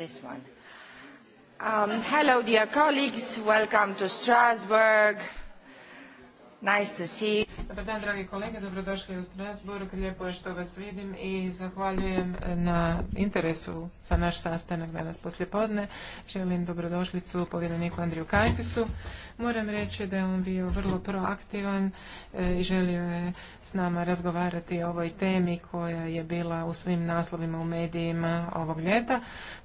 this one. Um, hello, dear colleagues. Welcome to Strasbourg. Nice to see Dobar dan, dragi kolege. Dobrodošli u Strasbourg. Lijepo je što vas vidim i zahvaljujem na interesu za naš sastanak danas poslijepodne. Želim dobrodošlicu povjereniku Andriju Kajtisu. Moram reći da je on bio vrlo proaktivan e, i želio je s nama razgovarati o ovoj temi koja je bila u svim naslovima u medijima ovog ljeta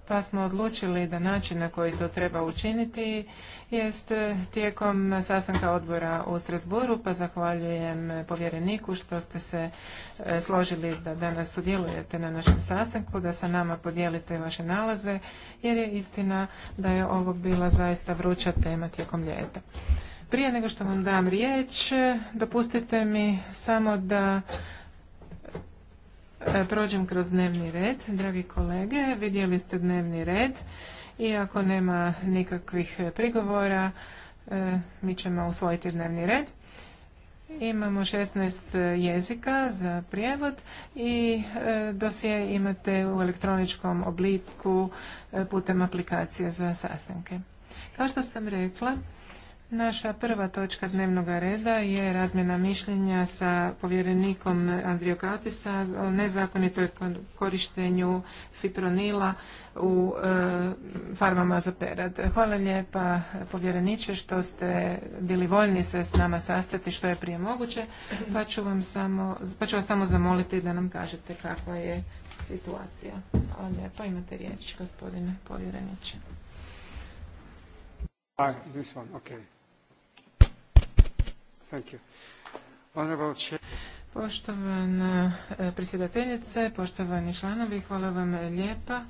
pa smo odlučili da način na koji to treba učiniti jest e, tijekom sastanka odbora u Strasburu, pa zahvaljujem povjereniku što ste se e, složili da danas sudjelujete na našem sastanku, da sa nama podijelite vaše nalaze, jer je istina da je ovo bila zaista vruća tema tijekom ljeta. Prije nego što vam dam riječ, dopustite mi samo da E, prođem kroz dnevni red. Dragi kolege, vidjeli ste dnevni red i ako nema nikakvih prigovora, e, mi ćemo usvojiti dnevni red. Imamo 16 jezika za prijevod i e, dosije imate u elektroničkom obliku putem aplikacije za sastanke. Kao što sam rekla, Naša prva točka dnevnog reda je razmjena mišljenja sa povjerenikom Andriokatisa Katisa o nezakonitoj korištenju fipronila u e, farmama za perad. Hvala lijepa povjereniče što ste bili voljni se s nama sastati što je prije moguće, pa ću, vam samo, pa vas samo zamoliti da nam kažete kakva je situacija. Hvala lijepa, imate riječ gospodine povjereniče. Ah, Thank you. Poštovana eh, predsjedateljice, poštovani članovi, hvala vam lijepa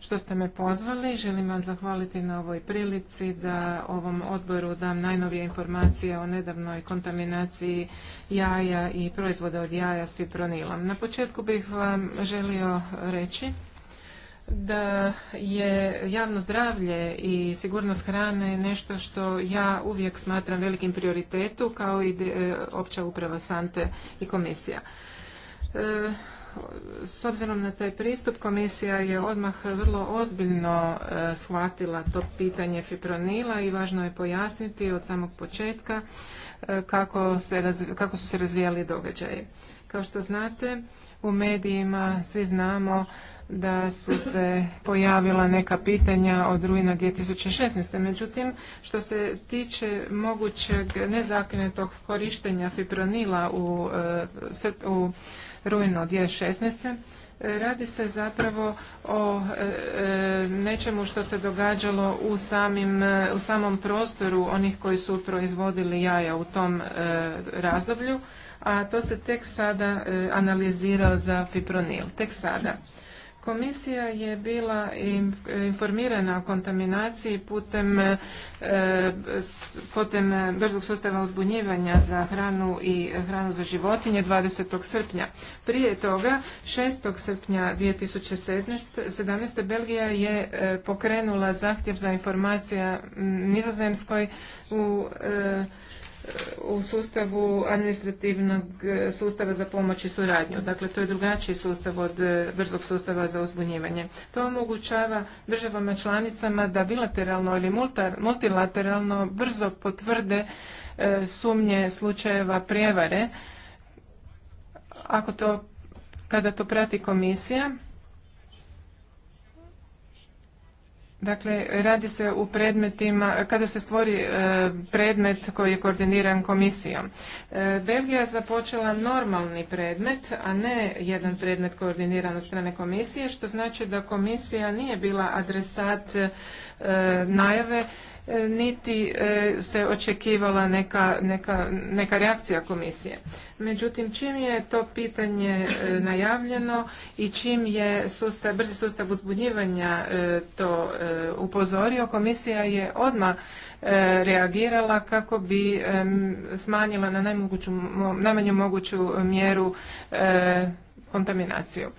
što ste me pozvali. Želim vam zahvaliti na ovoj prilici da ovom odboru dam najnovije informacije o nedavnoj kontaminaciji jaja i proizvoda od jaja s fipronilom. Na početku bih vam želio reći da je javno zdravlje i sigurnost hrane nešto što ja uvijek smatram velikim prioritetu kao i e, opća uprava Sante i komisija. E, s obzirom na taj pristup, komisija je odmah vrlo ozbiljno e, shvatila to pitanje fipronila i važno je pojasniti od samog početka kako, kako su se razvijali događaji. Kao što znate, u medijima svi znamo da su se pojavila neka pitanja od rujna 2016. Međutim, što se tiče mogućeg nezakonitog korištenja fipronila u, e, u rujnu 2016. E, radi se zapravo o e, nečemu što se događalo u, u samom prostoru onih koji su proizvodili jaja u tom razdoblju, a to se tek sada analizira za fipronil, tek sada. Komisija je bila informirana o kontaminaciji putem, e, putem brzog sustava uzbunjivanja za hranu i hranu za životinje 20. srpnja. Prije toga, 6. srpnja 2017. Belgija je e, pokrenula zahtjev za informacija Nizozemskoj u e, u sustavu administrativnog e, sustava za pomoć i suradnju. Dakle, to je drugačiji sustav od e, brzog sustava za uzbunjivanje. To omogućava državama članicama da bilateralno ili multilateralno brzo potvrde e, sumnje slučajeva prijevare. Ako to, kada to prati komisija, Dakle, radi se u predmetima, kada se stvori e, predmet koji je koordiniran komisijom. E, Belgija započela normalni predmet, a ne jedan predmet koordiniran od strane komisije, što znači da komisija nije bila adresat e, najave niti e, se očekivala neka, reakcija komisije. Međutim, čim je to pitanje e, najavljeno i čim je sustav, brzi sustav uzbunjivanja e, to upozorio, komisija je odmah reagirala kako bi smanjila na najmanju moguću mjeru kontaminaciju.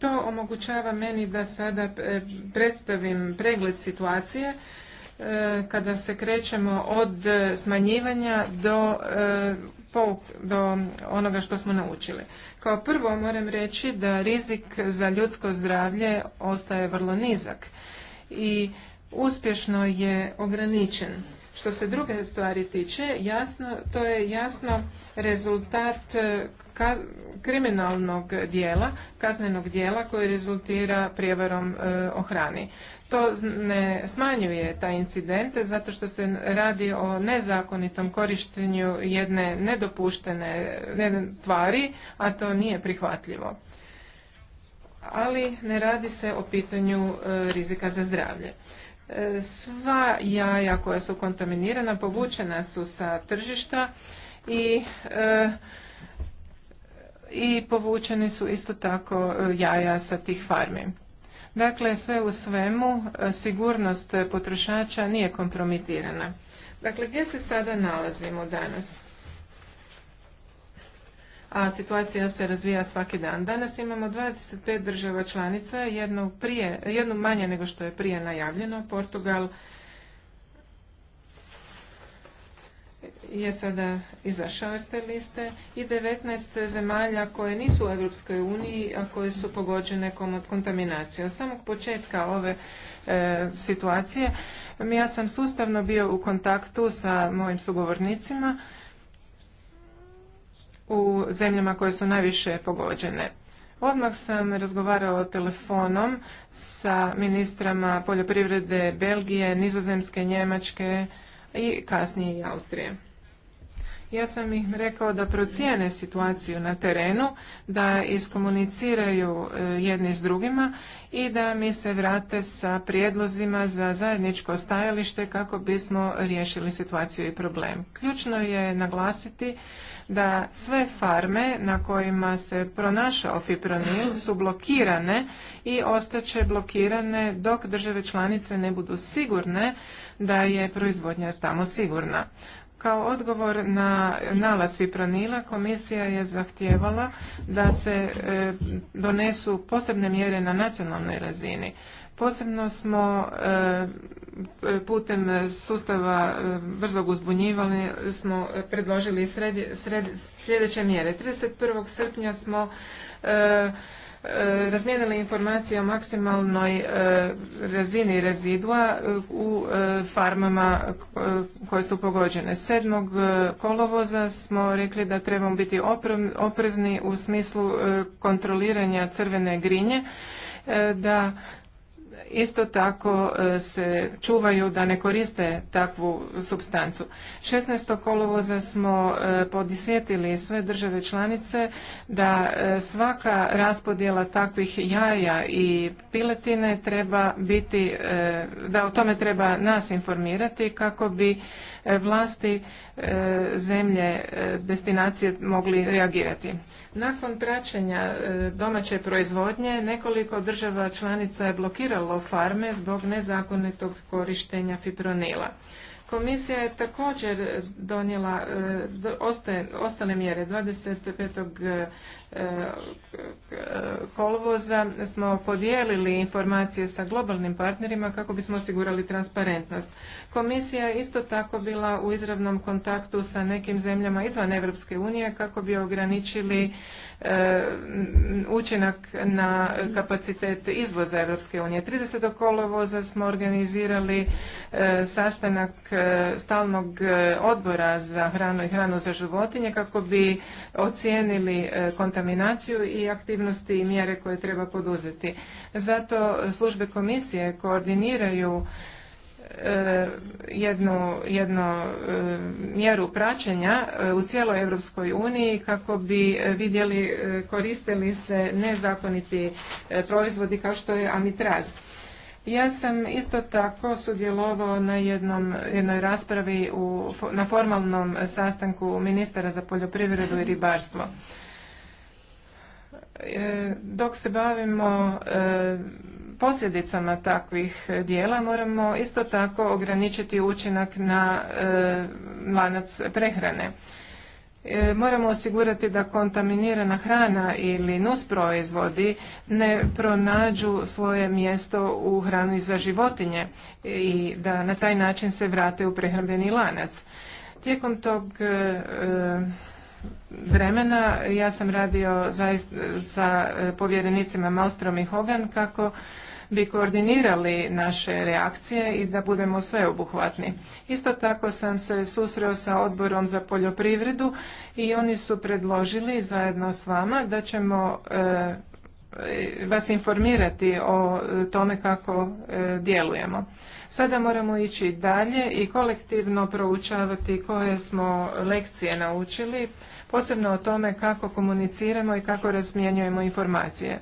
To omogućava meni da sada e, predstavim pregled situacije e, kada se krećemo od smanjivanja do, e, do onoga što smo naučili. Kao prvo moram reći da rizik za ljudsko zdravlje ostaje vrlo nizak i uspješno je ograničen. Što se druge stvari tiče, jasno, to je jasno rezultat kriminalnog dijela, kaznenog dijela koji rezultira prijevarom e, o hrani. To ne smanjuje taj incident zato što se radi o nezakonitom korištenju jedne nedopuštene tvari, a to nije prihvatljivo. Ali ne radi se o pitanju e, rizika za zdravlje. E, sva jaja koja su kontaminirana povučena su sa tržišta i i povučeni su isto tako e, jaja sa tih farmi. Dakle, sve u svemu, e, sigurnost potrošača nije kompromitirana. Dakle, gdje se sada nalazimo danas? a situacija se razvija svaki dan. Danas imamo 25 država članica, jednu, jednu manje nego što je prije najavljeno, Portugal, je sada izašao iz te liste i 19 zemalja koje nisu u Europskoj uniji, a koje su pogođene kontaminacijom. Od samog početka ove e, situacije ja sam sustavno bio u kontaktu sa mojim sugovornicima u zemljama koje su najviše pogođene. Odmah sam razgovarao telefonom sa ministrama poljoprivrede Belgije, Nizozemske, Njemačke i kasnije i Austrije. Ja sam im rekao da procijene situaciju na terenu, da iskomuniciraju e, jedni s drugima i da mi se vrate sa prijedlozima za zajedničko stajalište kako bismo riješili situaciju i problem. Ključno je naglasiti da sve farme na kojima se pronašao fipronil su blokirane i ostaće blokirane dok države članice ne budu sigurne da je proizvodnja tamo sigurna. Kao odgovor na nalaz Fipronila, komisija je zahtijevala da se e, donesu posebne mjere na nacionalnoj razini. Posebno smo e, putem sustava e, brzog uzbunjivali, smo predložili sred, sljedeće mjere. 31. srpnja smo E, razmijenili informacije o maksimalnoj e, razini rezidua e, u farmama koje su pogođene. 7. kolovoza smo rekli da trebamo biti oprezni u smislu kontroliranja crvene grinje, da isto tako e, se čuvaju da ne koriste takvu substancu. 16. kolovoza smo e, podisjetili sve države članice da e, svaka raspodjela takvih jaja i piletine treba biti, da o tome treba nas informirati kako bi vlasti zemlje destinacije mogli reagirati. Nakon praćenja domaće proizvodnje nekoliko država članica je blokiralo farme zbog nezakonitog korištenja fipronila. Komisija je također donijela e, ostale mjere 25. E, kolovoza smo podijelili informacije sa globalnim partnerima kako bismo osigurali transparentnost. Komisija je isto tako bila u izravnom kontaktu sa nekim zemljama izvan Europske unije kako bi ograničili e, učinak na kapacitet izvoza Europske unije. 30. kolovoza smo organizirali e, sastanak stalnog odbora za hranu i hranu za životinje kako bi ocijenili kontakt kontaminaciju i aktivnosti i mjere koje treba poduzeti. Zato službe komisije koordiniraju e, jednu, jednu e, mjeru praćenja e, u cijeloj Europskoj uniji kako bi vidjeli koristili se nezakoniti proizvodi kao što je amitraz. Ja sam isto tako sudjelovao na jednom, jednoj raspravi u, na formalnom sastanku ministara za poljoprivredu i ribarstvo. E, dok se bavimo e, posljedicama takvih dijela moramo isto tako ograničiti učinak na e, lanac prehrane. Moramo osigurati da kontaminirana hrana ili nus proizvodi ne pronađu svoje mjesto u hrani za životinje i da na taj način se vrate u prehrambeni lanac. Tijekom tog vremena. Ja sam radio zaista sa e, povjerenicima Malstrom i Hogan kako bi koordinirali naše reakcije i da budemo sveobuhvatni. Isto tako sam se susreo sa odborom za poljoprivredu i oni su predložili zajedno s vama da ćemo e, vas informirati o e, tome kako e, djelujemo. Sada moramo ići dalje i kolektivno proučavati koje smo lekcije naučili, posebno o tome kako komuniciramo i kako razmjenjujemo informacije.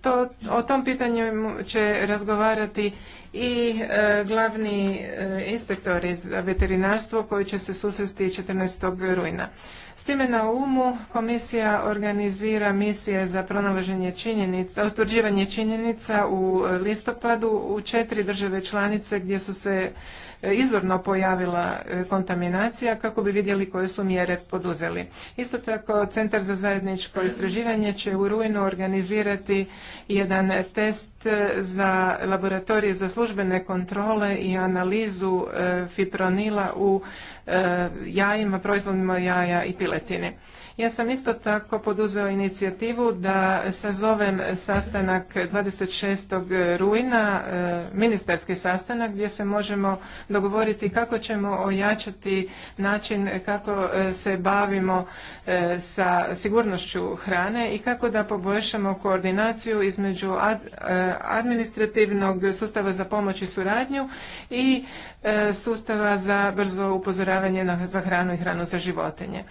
To, o tom pitanju će razgovarati i e, glavni e, inspektor za veterinarstvo koji će se susresti 14. rujna. S time na umu komisija organizira misije za pronalaženje činjenica, utvrđivanje činjenica u listopadu u četiri države članice gdje su se e, izvorno pojavila kontaminacija kako bi vidjeli koje su mjere poduzeli. Isto tako Centar za zajedničko istraživanje će u rujnu organizirati jedan test za laboratorije za službene kontrole i analizu e, fipronila u e, jajima, proizvodima jaja i piletine. Ja sam isto tako poduzeo inicijativu da sazovem sastanak 26. rujna, e, ministarski sastanak gdje se možemo dogovoriti kako ćemo ojačati način kako se bavimo sa sigurnošću hrane i kako da poboljšamo koordinaciju između administrativnog sustava za pomoć i suradnju i e, sustava za brzo upozoravanje za hranu i hranu za životinje.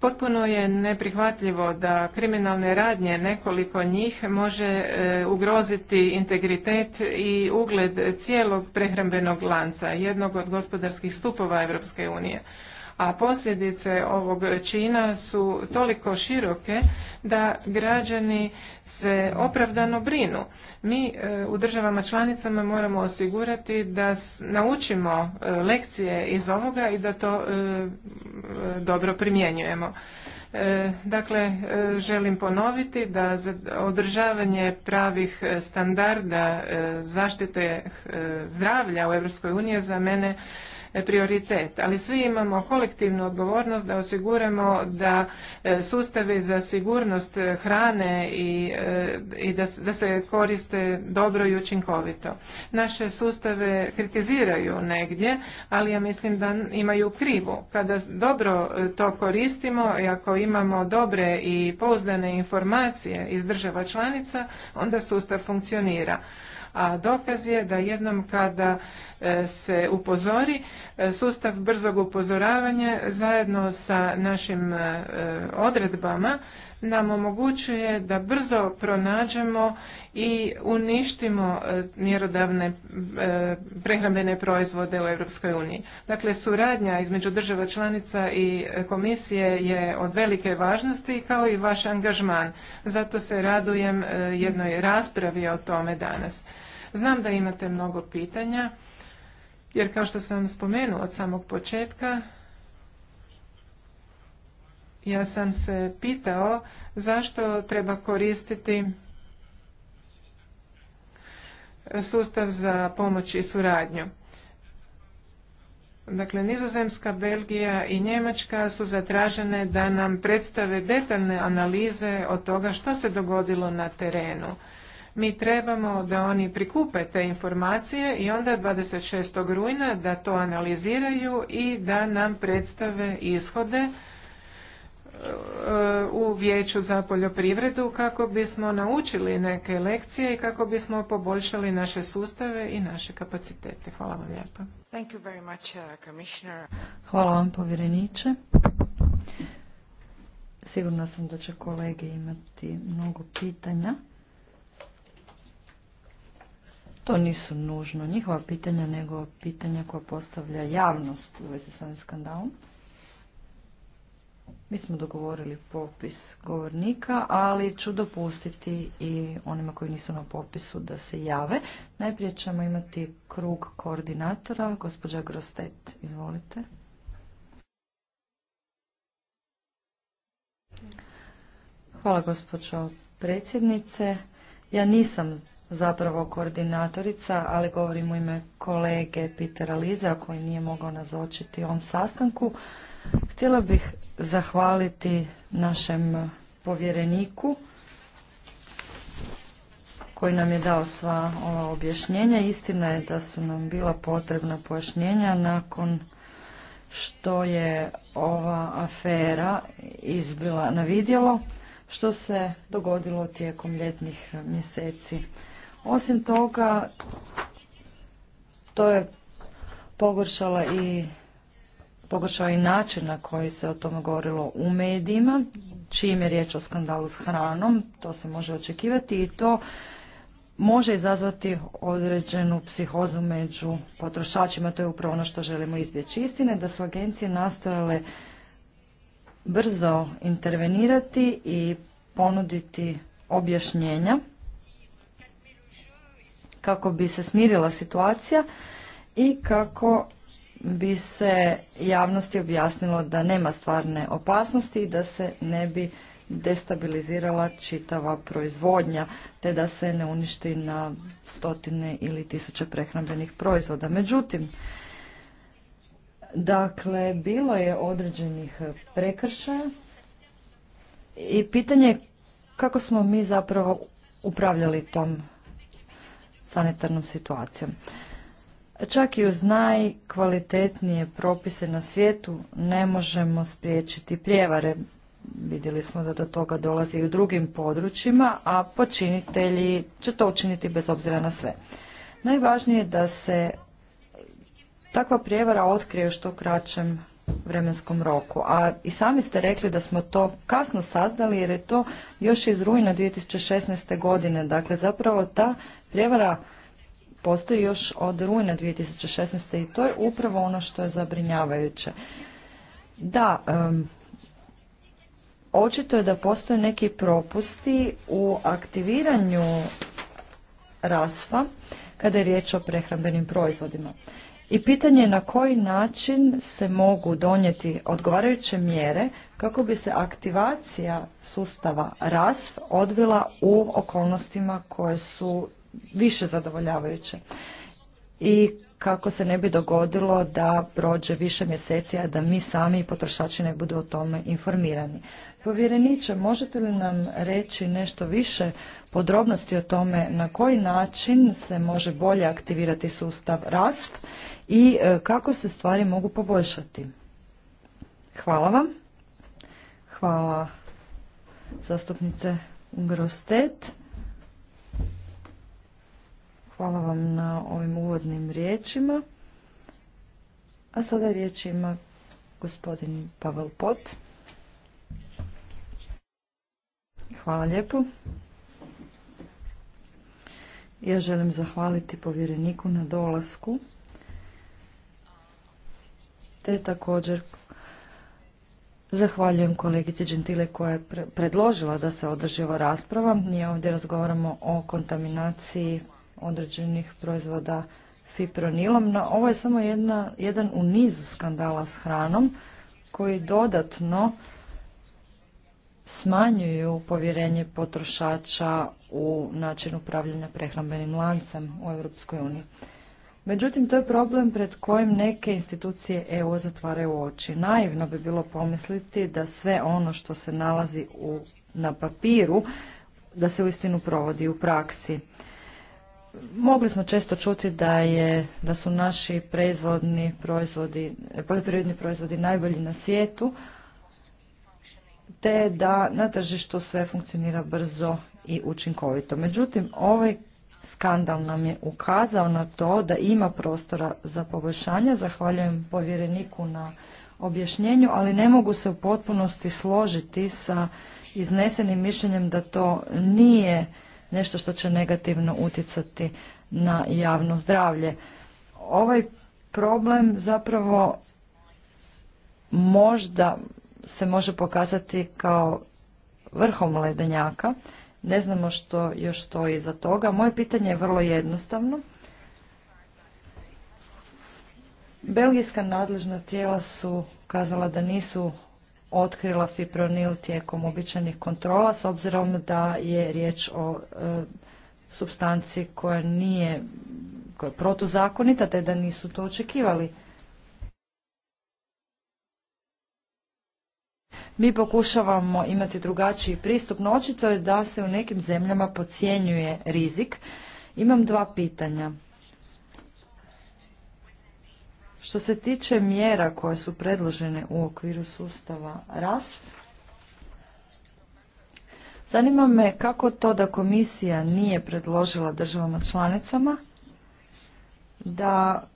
Potpuno je neprihvatljivo da kriminalne radnje, nekoliko njih, može e, ugroziti integritet i ugled cijelog prehrambenog lanca, jednog od gospodarskih stupova Europske unije a posljedice ovog čina su toliko široke da građani se opravdano brinu. Mi e, u državama članicama moramo osigurati da naučimo e, lekcije iz ovoga i da to e, dobro primjenjujemo. Dakle, želim ponoviti da za održavanje pravih standarda zaštite zdravlja u EU za mene prioritet, ali svi imamo kolektivnu odgovornost da osiguramo da e, sustavi za sigurnost e, hrane i, e, da, da se koriste dobro i učinkovito. Naše sustave kritiziraju negdje, ali ja mislim da imaju krivu. Kada dobro to koristimo i ako imamo dobre i pouzdane informacije iz država članica, onda sustav funkcionira a dokaz je da jednom kada e, se upozori, e, sustav brzog upozoravanja zajedno sa našim e, odredbama nam omogućuje da brzo pronađemo i uništimo e, mjerodavne e, prehrambene proizvode u Europskoj uniji. Dakle, suradnja između država članica i e, komisije je od velike važnosti kao i vaš angažman. Zato se radujem jednoj raspravi o tome danas. Znam da imate mnogo pitanja, jer kao što sam spomenula od samog početka, ja sam se pitao zašto treba koristiti sustav za pomoć i suradnju. Dakle, Nizozemska, Belgija i Njemačka su zatražene da nam predstave detaljne analize od toga što se dogodilo na terenu. Mi trebamo da oni prikupe te informacije i onda 26. rujna da to analiziraju i da nam predstave ishode u Vijeću za poljoprivredu kako bismo naučili neke lekcije i kako bismo poboljšali naše sustave i naše kapacitete. Hvala vam lijepa. Thank uh, Hvala vam povjereniče. Sigurna sam da će kolege imati mnogo pitanja. To nisu nužno njihova pitanja, nego pitanja koja postavlja javnost u vezi s ovim skandalom. Mi smo dogovorili popis govornika, ali ću dopustiti i onima koji nisu na popisu da se jave. Najprije ćemo imati krug koordinatora, gospođa Grostet, izvolite. Hvala gospođo predsjednice. Ja nisam zapravo koordinatorica, ali govorim u ime kolege Pitera Liza koji nije mogao nazočiti ovom sastanku. Htjela bih zahvaliti našem povjereniku koji nam je dao sva ova objašnjenja. Istina je da su nam bila potrebna pojašnjenja nakon što je ova afera izbila na vidjelo, što se dogodilo tijekom ljetnih mjeseci. Osim toga, to je pogoršala i pogoršao i način na koji se o tome govorilo u medijima, čim je riječ o skandalu s hranom, to se može očekivati i to može izazvati određenu psihozu među potrošačima, to je upravo ono što želimo izbjeći. Istine da su agencije nastojale brzo intervenirati i ponuditi objašnjenja kako bi se smirila situacija i kako bi se javnosti objasnilo da nema stvarne opasnosti i da se ne bi destabilizirala čitava proizvodnja, te da se ne uništi na stotine ili tisuće prehrambenih proizvoda. Međutim, dakle, bilo je određenih prekršaja i pitanje je kako smo mi zapravo upravljali tom sanitarnom situacijom. Čak i uz najkvalitetnije propise na svijetu ne možemo spriječiti prijevare. Vidjeli smo da do toga dolazi i u drugim područjima, a počinitelji će to učiniti bez obzira na sve. Najvažnije je da se takva prijevara otkrije u što kraćem vremenskom roku. A i sami ste rekli da smo to kasno saznali jer je to još iz rujna 2016. godine. Dakle, zapravo ta prijevara postoji još od rujna 2016. i to je upravo ono što je zabrinjavajuće. Da, um, očito je da postoje neki propusti u aktiviranju rasva kada je riječ o prehrambenim proizvodima. I pitanje je na koji način se mogu donijeti odgovarajuće mjere kako bi se aktivacija sustava RASF odvila u okolnostima koje su više zadovoljavajuće. I kako se ne bi dogodilo da prođe više mjeseci, a da mi sami potrošači ne budu o tome informirani. Povjereniče, možete li nam reći nešto više podrobnosti o tome na koji način se može bolje aktivirati sustav RAST i e, kako se stvari mogu poboljšati? Hvala vam. Hvala zastupnice Grostet. Hvala vam na ovim uvodnim riječima. A sada riječ ima gospodin Pavel Pot. Hvala lijepo. Ja želim zahvaliti povjereniku na dolasku te također Zahvaljujem kolegici Gentile koja je predložila da se održi ova rasprava. Nije ovdje razgovaramo o kontaminaciji određenih proizvoda fipronilom. ovo je samo jedna, jedan u nizu skandala s hranom koji dodatno smanjuju povjerenje potrošača u način upravljanja prehrambenim lancem u EU. Međutim, to je problem pred kojim neke institucije EU zatvaraju oči. Naivno bi bilo pomisliti da sve ono što se nalazi u, na papiru, da se uistinu provodi u praksi mogli smo često čuti da je da su naši proizvodni proizvodi, poljoprivredni proizvodi najbolji na svijetu, te da na tržištu sve funkcionira brzo i učinkovito. Međutim, ovaj skandal nam je ukazao na to da ima prostora za poboljšanje. Zahvaljujem povjereniku na objašnjenju, ali ne mogu se u potpunosti složiti sa iznesenim mišljenjem da to nije nešto što će negativno utjecati na javno zdravlje. Ovaj problem zapravo možda se može pokazati kao vrhom ledenjaka. Ne znamo što još stoji iza toga. Moje pitanje je vrlo jednostavno. Belgijska nadležna tijela su kazala da nisu otkrila fipronil tijekom običajnih kontrola s obzirom da je riječ o e, substanci koja nije koja je protuzakonita te da nisu to očekivali. Mi pokušavamo imati drugačiji pristup, no očito je da se u nekim zemljama pocijenjuje rizik. Imam dva pitanja. Što se tiče mjera koje su predložene u okviru sustava RAST, zanima me kako to da komisija nije predložila državama članicama da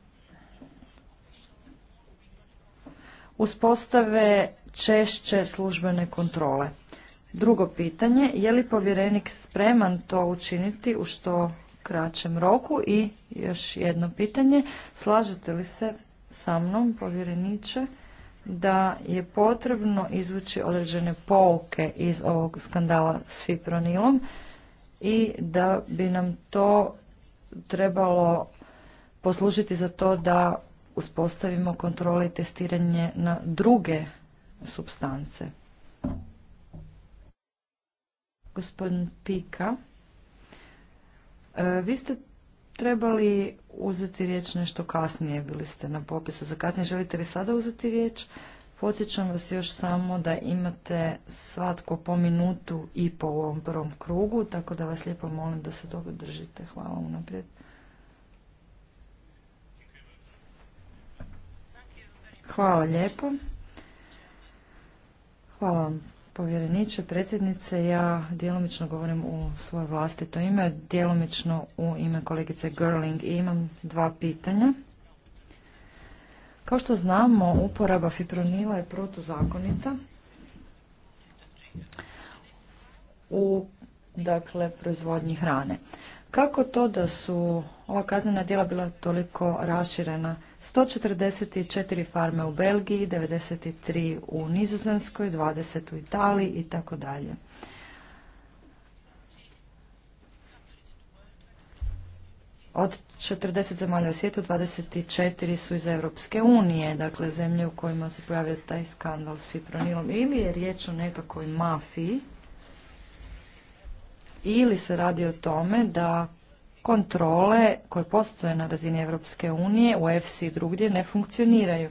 uspostave češće službene kontrole. Drugo pitanje, je li povjerenik spreman to učiniti u što kraćem roku? I još jedno pitanje, slažete li se sa mnom, povjereniče, da je potrebno izvući određene pouke iz ovog skandala s fipronilom i da bi nam to trebalo poslužiti za to da uspostavimo kontrole i testiranje na druge substance. Gospodin Pika, e, vi ste trebali uzeti riječ nešto kasnije, bili ste na popisu za kasnije. Želite li sada uzeti riječ? Podsjećam vas još samo da imate svatko po minutu i po ovom prvom krugu, tako da vas lijepo molim da se toga držite. Hvala unaprijed. Hvala lijepo. Hvala vam povjereniče, predsjednice. Ja djelomično govorim u svoje vlastito ime, djelomično u ime kolegice Girling i imam dva pitanja. Kao što znamo, uporaba fipronila je protuzakonita. U dakle, proizvodnji hrane. Kako to da su ova kaznena djela bila toliko raširena 144 farme u Belgiji, 93 u Nizozemskoj, 20 u Italiji i tako dalje. Od 40 zemalja u svijetu, 24 su iz Europske unije, dakle zemlje u kojima se pojavio taj skandal s fipronilom. Ili je riječ o nekakvoj mafiji, ili se radi o tome da kontrole koje postoje na razini Europske unije u EFSI i drugdje ne funkcioniraju.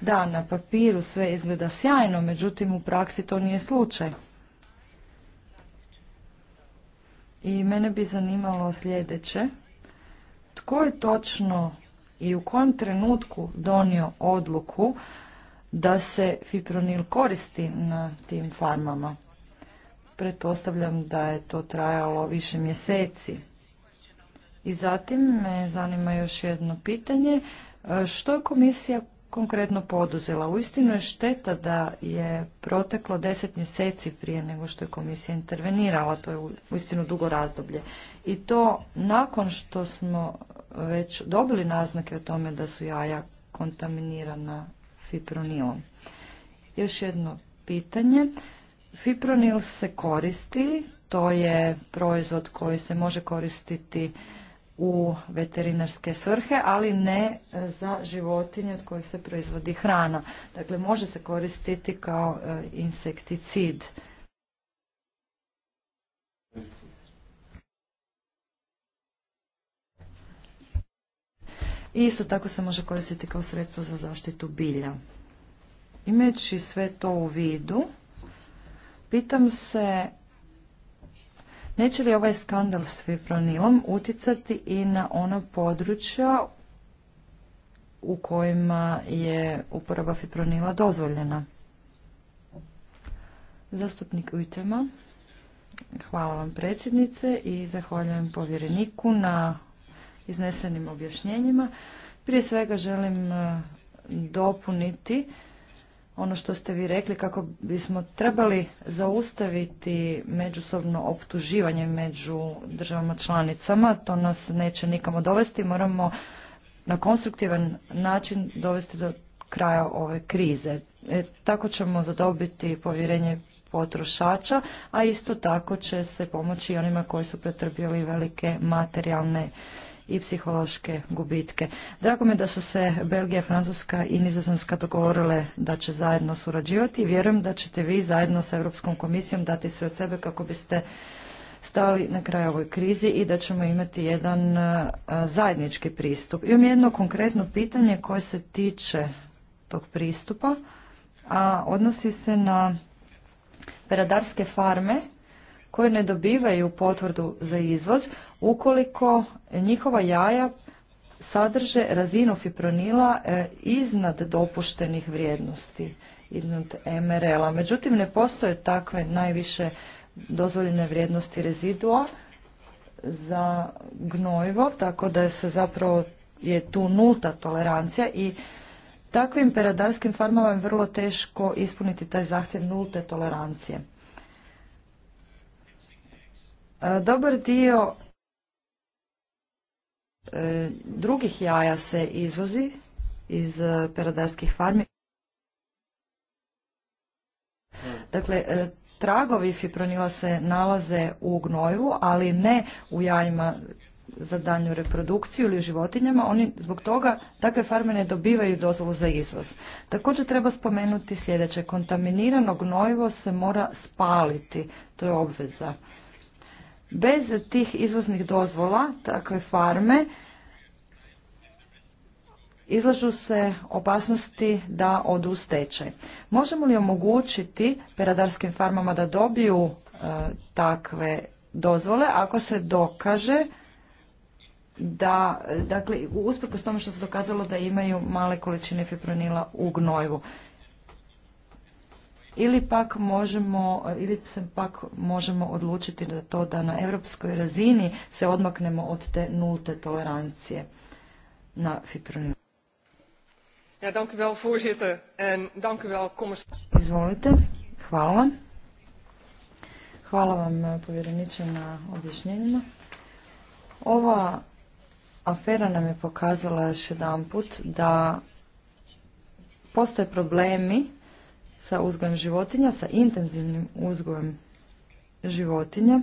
Da, na papiru sve izgleda sjajno, međutim u praksi to nije slučaj. I mene bi zanimalo sljedeće. Tko je točno i u kojem trenutku donio odluku da se fipronil koristi na tim farmama? Pretpostavljam da je to trajalo više mjeseci i zatim me zanima još jedno pitanje. E, što je komisija konkretno poduzela? Uistinu je šteta da je proteklo deset mjeseci prije nego što je komisija intervenirala. To je uistinu dugo razdoblje. I to nakon što smo već dobili naznake o tome da su jaja kontaminirana fipronilom. Još jedno pitanje. Fipronil se koristi, to je proizvod koji se može koristiti u veterinarske svrhe, ali ne za životinje od kojih se proizvodi hrana. Dakle, može se koristiti kao e, insekticid. Isto tako se može koristiti kao sredstvo za zaštitu bilja. Imajući sve to u vidu, pitam se Neće li ovaj skandal s fipronilom utjecati i na ona područja u kojima je uporaba fipronila dozvoljena? Zastupnik Ujtema. Hvala vam predsjednice i zahvaljujem povjereniku na iznesenim objašnjenjima. Prije svega želim eh, dopuniti ono što ste vi rekli kako bismo trebali zaustaviti međusobno optuživanje među državama članicama. To nas neće nikamo dovesti. Moramo na konstruktivan način dovesti do kraja ove krize. E, tako ćemo zadobiti povjerenje potrošača, a isto tako će se pomoći onima koji su pretrpjeli velike materijalne i psihološke gubitke. Drago mi je da su se Belgija, Francuska i Nizozemska dogovorile da će zajedno surađivati i vjerujem da ćete vi zajedno sa Europskom komisijom dati sve od sebe kako biste stali na kraj ovoj krizi i da ćemo imati jedan zajednički pristup. Imam jedno konkretno pitanje koje se tiče tog pristupa, a odnosi se na peradarske farme koje ne dobivaju potvrdu za izvoz, ukoliko njihova jaja sadrže razinu fipronila e, iznad dopuštenih vrijednosti, iznad MRL-a. Međutim, ne postoje takve najviše dozvoljene vrijednosti rezidua za gnojivo, tako da se zapravo je tu nulta tolerancija i takvim peradarskim farmama je vrlo teško ispuniti taj zahtjev nulte tolerancije. E, dobar dio E, drugih jaja se izvozi iz e, peradarskih farmi. Dakle, e, tragovi fipronila se nalaze u gnoju, ali ne u jajima za danju reprodukciju ili životinjama, oni zbog toga takve farme ne dobivaju dozvolu za izvoz. Također treba spomenuti sljedeće, kontaminirano gnojivo se mora spaliti, to je obveza Bez tih izvoznih dozvola, takve farme, izlažu se opasnosti da odu u stečaj. Možemo li omogućiti peradarskim farmama da dobiju e, takve dozvole ako se dokaže da, dakle, usprkos tome što se dokazalo da imaju male količine fipronila u gnojvu? ili pak možemo ili se pak možemo odlučiti na to da na europskoj razini se odmaknemo od te nulte tolerancije na fipronil. Ja, dank u wel, voorzitter. En dank u wel, commissaris. Izvolite. Hvala vam. Hvala vam, eh, povjereniče, na objašnjenjima. Ova afera nam je pokazala još jedan put da postoje problemi sa uzgojem životinja, sa intenzivnim uzgojem životinja,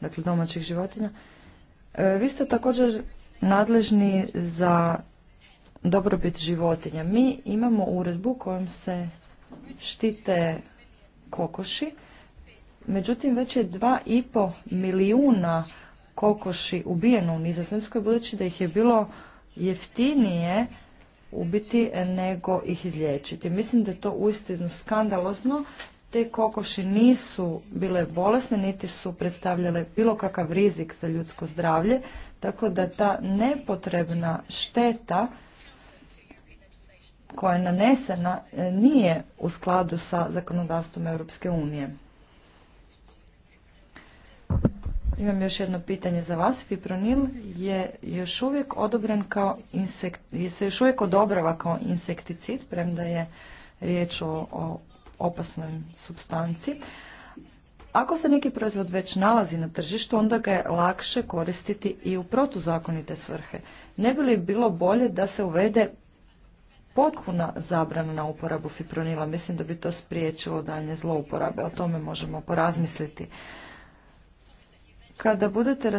dakle domaćih životinja. E, vi ste također nadležni za dobrobit životinja. Mi imamo uredbu kojom se štite kokoši, međutim već je 2,5 milijuna kokoši ubijeno u Nizozemskoj, budući da ih je bilo jeftinije ubiti nego ih izlječiti. Mislim da je to uistinu skandalozno. Te kokoši nisu bile bolesne, niti su predstavljale bilo kakav rizik za ljudsko zdravlje, tako da ta nepotrebna šteta koja je nanesena e, nije u skladu sa zakonodavstvom Europske unije. Imam još jedno pitanje za vas. Fipronil je još uvijek odobren kao insekt, se još uvijek odobrava kao insekticid, premda je riječ o, opasnoj substanci. Ako se neki proizvod već nalazi na tržištu, onda ga je lakše koristiti i u protuzakonite svrhe. Ne bi li bilo bolje da se uvede potpuna zabrana na uporabu fipronila? Mislim da bi to spriječilo daljnje zlouporabe. O tome možemo porazmisliti. Kada budete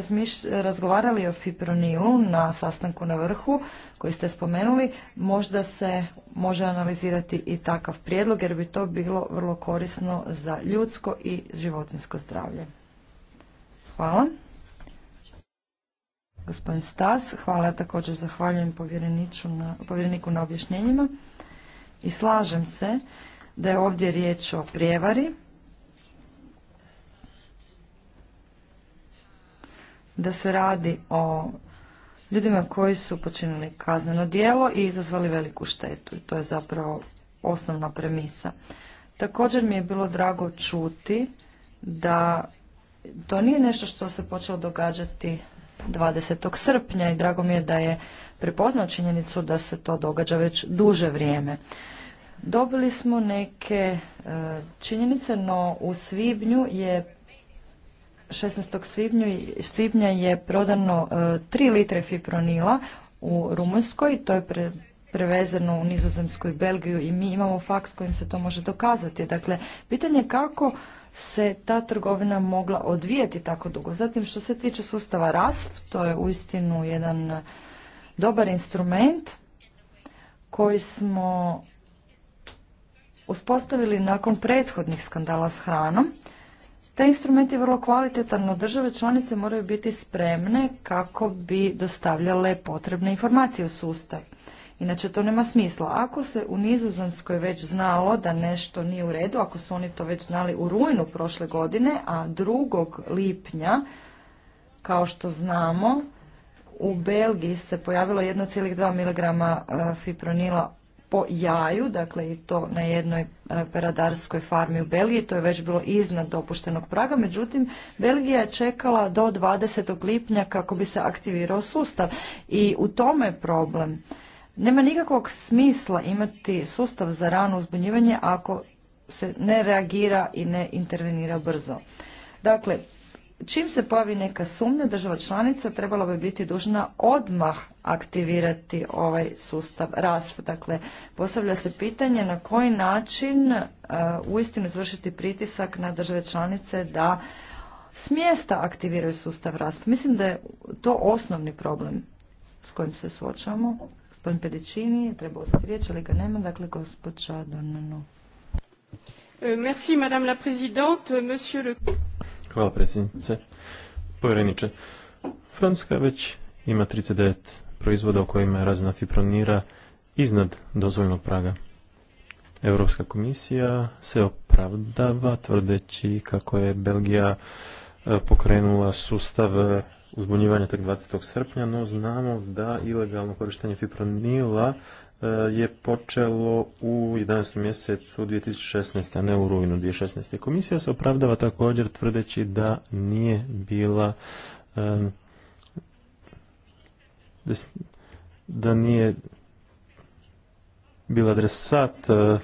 razgovarali o fipronilu na sastanku na vrhu koji ste spomenuli, možda se može analizirati i takav prijedlog jer bi to bilo vrlo korisno za ljudsko i životinsko zdravlje. Hvala. Gospodin Stas, hvala također zahvaljujem na, povjereniku na objašnjenjima i slažem se da je ovdje riječ o prijevari da se radi o ljudima koji su počinili kazneno djelo i izazvali veliku štetu. I to je zapravo osnovna premisa. Također mi je bilo drago čuti da to nije nešto što se počelo događati 20. srpnja i drago mi je da je prepoznao činjenicu da se to događa već duže vrijeme. Dobili smo neke e, činjenice, no u svibnju je 16. svibnja je prodano 3 e, litre fipronila u Rumunjskoj, to je prevezeno u Nizozemsku i Belgiju i mi imamo faks kojim se to može dokazati. Dakle, pitanje kako se ta trgovina mogla odvijeti tako dugo. Zatim, što se tiče sustava RASP, to je uistinu jedan dobar instrument koji smo uspostavili nakon prethodnih skandala s hranom. Taj instrument je vrlo kvalitetan, no države članice moraju biti spremne kako bi dostavljale potrebne informacije u sustav. Inače to nema smisla. Ako se u Nizozemskoj već znalo da nešto nije u redu, ako su oni to već znali u rujnu prošle godine, a 2. lipnja, kao što znamo, u Belgiji se pojavilo 1,2 mg e, fipronila po jaju, dakle i to na jednoj e, peradarskoj farmi u Belgiji, to je već bilo iznad dopuštenog praga, međutim Belgija je čekala do 20. lipnja kako bi se aktivirao sustav i u tome je problem. Nema nikakvog smisla imati sustav za rano uzbunjivanje ako se ne reagira i ne intervenira brzo. Dakle, Čim se pojavi neka sumnja, država članica trebala bi biti dužna odmah aktivirati ovaj sustav RASF. Dakle, postavlja se pitanje na koji način e, uistinu izvršiti pritisak na države članice da smjesta aktiviraju sustav RASF. Mislim da je to osnovni problem s kojim se suočavamo. Gospodin Pedicini je trebao uzeti riječ, ali ga nema. Dakle, gospođa Merci, madame la présidente, monsieur le... Hvala predsjednice. Povjereniče, Francuska već ima 39 proizvoda u kojima je razina fipronira iznad dozvoljnog praga. Europska komisija se opravdava tvrdeći kako je Belgija e, pokrenula sustav e, uzbunjivanja tek 20. srpnja, no znamo da ilegalno korištenje fipronila E, je počelo u 11. mjesecu 2016. a ne u rujnu 2016. Komisija se opravdava također tvrdeći da nije bila da nije bila adresat e,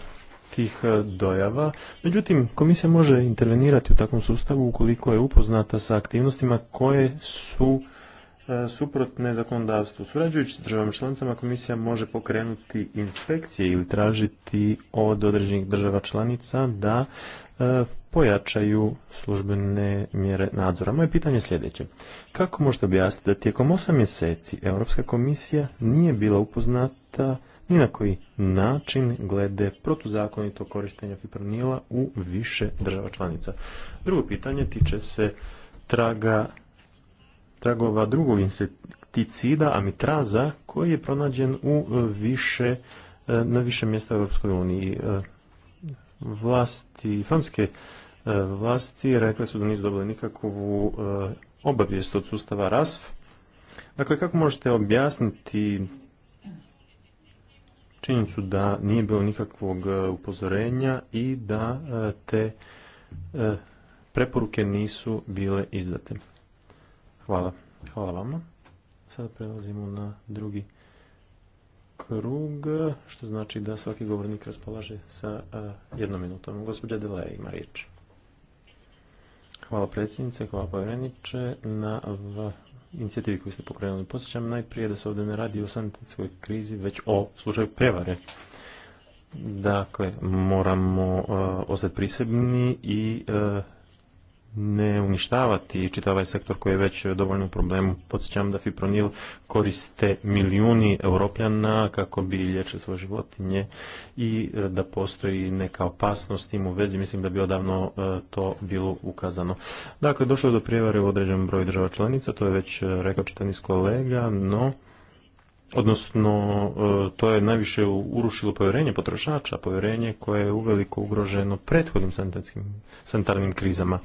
tih e, dojava. Međutim, komisija može intervenirati u takvom sustavu ukoliko je upoznata sa aktivnostima koje su E, suprotne zakonodavstvu. Surađujući s državama članicama, komisija može pokrenuti inspekcije ili tražiti od određenih država članica da e, pojačaju službene mjere nadzora. Moje pitanje je sljedeće. Kako možete objasniti da tijekom osam mjeseci Europska komisija nije bila upoznata ni na koji način glede protuzakonito korištenja fipronila u više država članica? Drugo pitanje tiče se traga tragova drugog insekticida, amitraza, koji je pronađen u e, više, e, na više mjesta u Europskoj uniji. E, vlasti, francuske vlasti rekle su da nisu dobili nikakvu obavijest od sustava RASF. Dakle, kako možete objasniti činjenicu da nije bilo nikakvog upozorenja i da te preporuke nisu bile izdate? Hvala. Hvala vama. Sada prelazimo na drugi krug, što znači da svaki govornik raspolaže sa jednom minutom. Gospođa je ima riječ. Hvala predsjednice, hvala povjereniče na inicijativi koju ste pokrenuli. Posjećam najprije da se ovdje ne radi o sanitetskoj krizi, već o slučaju prevare. Dakle, moramo ostati prisebni i ne uništavati čitav ovaj sektor koji je već dovoljno u problemu. Podsjećam da fipronil koriste milijuni europljana kako bi liječili svoje životinje i e, da postoji neka opasnost s tim u vezi. Mislim da bi odavno e, to bilo ukazano. Dakle, došlo je do prijevare u određenom broju država članica, to je već e, rekao čitav kolega, no odnosno e, to je najviše urušilo povjerenje potrošača, povjerenje koje je uveliko ugroženo prethodnim sanitarnim krizama.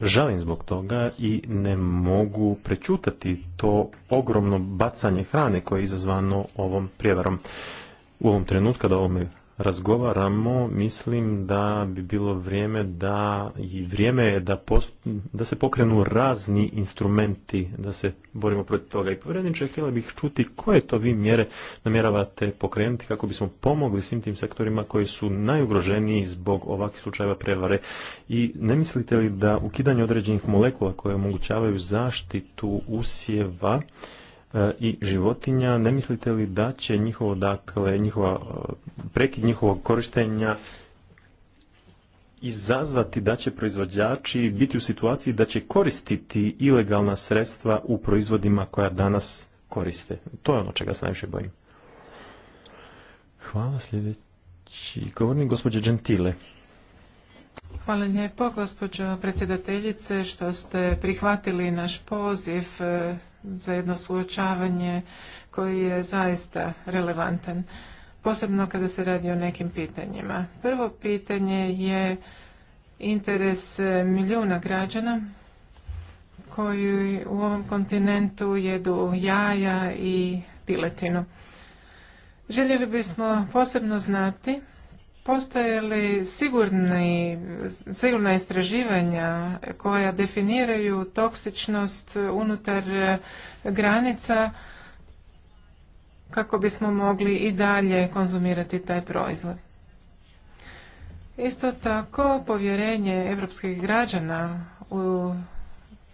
Žalim zbog toga i ne mogu prečutati to ogromno bacanje hrane koje je izazvano ovom prijevarom. U ovom trenutku kada ovome razgovaramo, mislim da bi bilo vrijeme da i vrijeme je da, da se pokrenu razni instrumenti da se borimo protiv toga. I povredniče, htjela bih čuti koje to vi mjere namjeravate pokrenuti kako bismo pomogli svim tim sektorima koji su najugroženiji zbog ovakvih slučajeva prevare. I ne mislite li da ukidanje određenih molekula koje omogućavaju zaštitu usjeva e, i životinja, ne mislite li da će njihovo, dakle, njihova prekid njihovog korištenja izazvati da će proizvođači biti u situaciji da će koristiti ilegalna sredstva u proizvodima koja danas koriste. To je ono čega se najviše bojim. Hvala sljedeći govornik, gospođe Gentile. Hvala lijepo, gospođo predsjedateljice, što ste prihvatili naš poziv eh, za jedno suočavanje koji je zaista relevantan posebno kada se radi o nekim pitanjima. Prvo pitanje je interes e, milijuna građana koji u ovom kontinentu jedu jaja i piletinu. Željeli bismo posebno znati postoje li sigurni, sigurna istraživanja koja definiraju toksičnost unutar e, granica kako bismo mogli i dalje konzumirati taj proizvod. Isto tako, povjerenje evropskih građana u,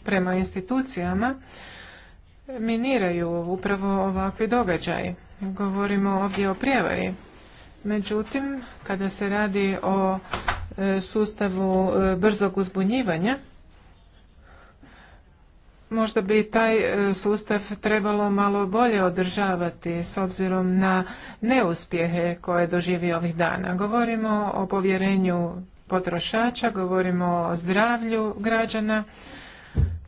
prema institucijama miniraju upravo ovakvi događaji. Govorimo ovdje o prijevari. Međutim, kada se radi o e, sustavu e, brzog uzbunjivanja, možda bi taj e, sustav trebalo malo bolje održavati s obzirom na neuspjehe koje doživi ovih dana. Govorimo o povjerenju potrošača, govorimo o zdravlju građana,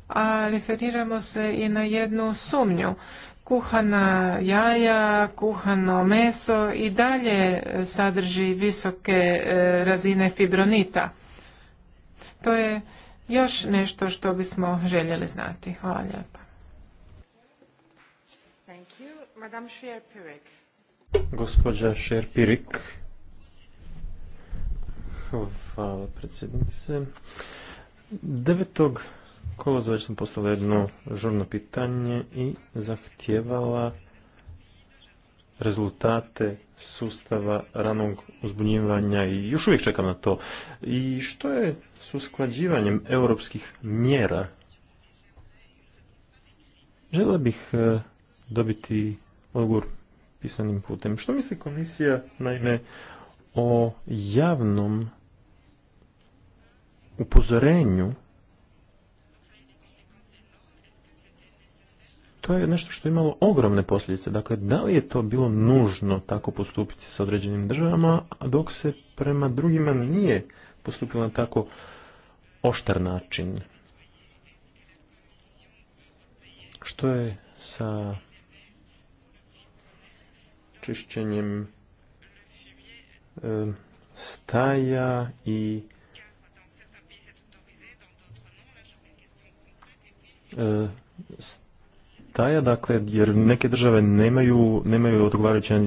a referiramo se i na jednu sumnju. Kuhana jaja, kuhano meso i dalje sadrži visoke e, razine fibronita. To je još nešto što bismo željeli znati. Hvala lijepa. Thank Gospođa Šerpirik. Hvala predsjednice. 9. koloza već sam jedno žurno pitanje i zahtjevala rezultate sustava ranog uzbunjivanja i još uvijek čekam na to. I što je s usklađivanjem europskih mjera? Žela bih e, dobiti odgovor pisanim putem. Što misli komisija, naime, o javnom upozorenju to je nešto što je imalo ogromne posljedice. Dakle, da li je to bilo nužno tako postupiti sa određenim državama, a dok se prema drugima nije postupilo na tako oštar način? Što je sa čišćenjem e, staja i staja e, taja, dakle, jer neke države nemaju, nemaju odgovarajuće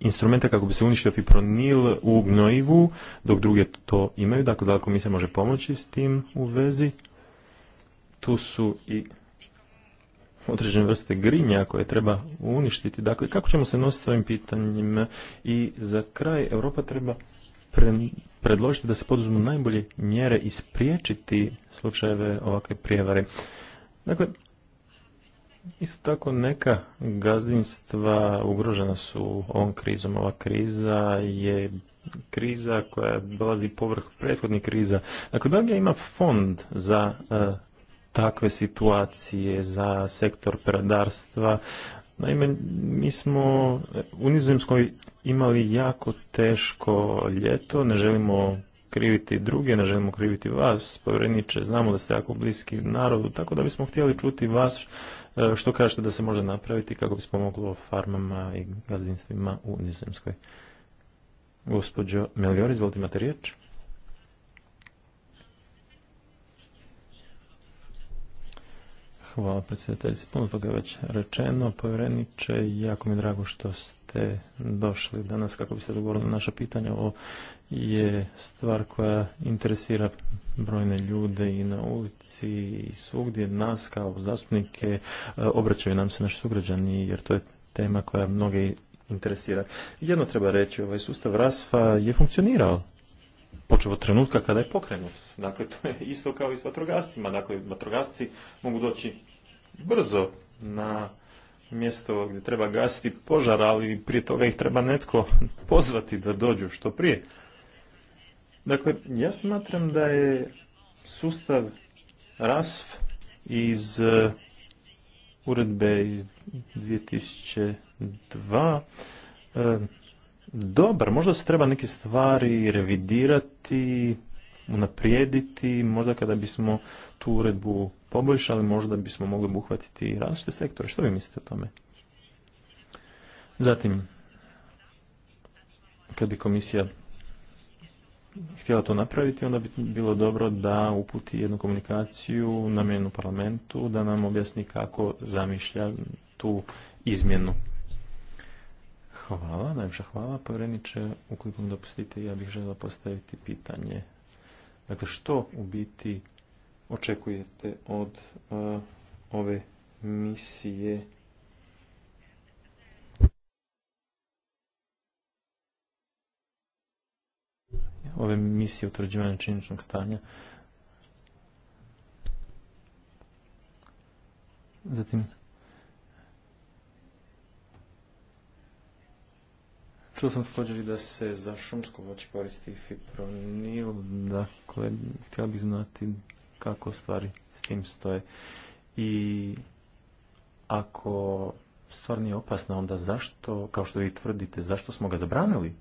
instrumente kako bi se uništio fipronil u gnojivu, dok druge to imaju. Dakle, da komisija može pomoći s tim u vezi. Tu su i određene vrste grinja koje treba uništiti. Dakle, kako ćemo se nositi s ovim pitanjima? I za kraj, Europa treba predložiti da se poduzmu najbolje mjere i spriječiti slučajeve ovakve prijevare. Dakle, Isto tako neka gazdinstva ugrožena su ovom krizom. Ova kriza je kriza koja dolazi povrh prethodnih kriza. Dakle, Belgija ima fond za e, takve situacije, za sektor peradarstva. Naime, mi smo u Nizozemskoj imali jako teško ljeto, ne želimo kriviti druge, ne želimo kriviti vas, povjereniče, znamo da ste jako bliski narodu, tako da bismo htjeli čuti vas e, što kažete da se može napraviti kako bi pomoglo farmama i gazdinstvima u Nizozemskoj. Gospođo Melior, izvolite imate riječ. Hvala predsjedateljice. Puno toga je već rečeno. Povjereniče, jako mi je drago što ste došli danas kako biste dogovorili naša pitanja o je stvar koja interesira brojne ljude i na ulici i svugdje nas kao zastupnike e, obraćaju nam se naši sugrađani jer to je tema koja mnoge interesira. Jedno treba reći, ovaj sustav RASFA je funkcionirao počeo od trenutka kada je pokrenut. Dakle, to je isto kao i s vatrogascima. Dakle, vatrogasci mogu doći brzo na mjesto gdje treba gasiti požar, ali prije toga ih treba netko pozvati da dođu što prije. Dakle, ja smatram da je sustav RASF iz e, uredbe iz 2002 e, dobar, možda se treba neke stvari revidirati, unaprijediti, možda kada bismo tu uredbu poboljšali, možda bismo mogli obuhvatiti različite sektore. Što vi mislite o tome? Zatim, kad bi komisija htjela to napraviti, onda bi bilo dobro da uputi jednu komunikaciju namjenu parlamentu, da nam objasni kako zamišlja tu izmjenu. Hvala, najviše hvala. Povjereniče, ukoliko mi dopustite, ja bih žela postaviti pitanje. Dakle, što u biti očekujete od eh, ove misije ove misije utvrđivanja činičnog stanja. Zatim, Čuo sam također da se za šumsku voć koristi fipronil, dakle, htjela bih znati kako stvari s tim stoje. I ako stvar nije opasna, onda zašto, kao što vi tvrdite, zašto smo ga zabranili?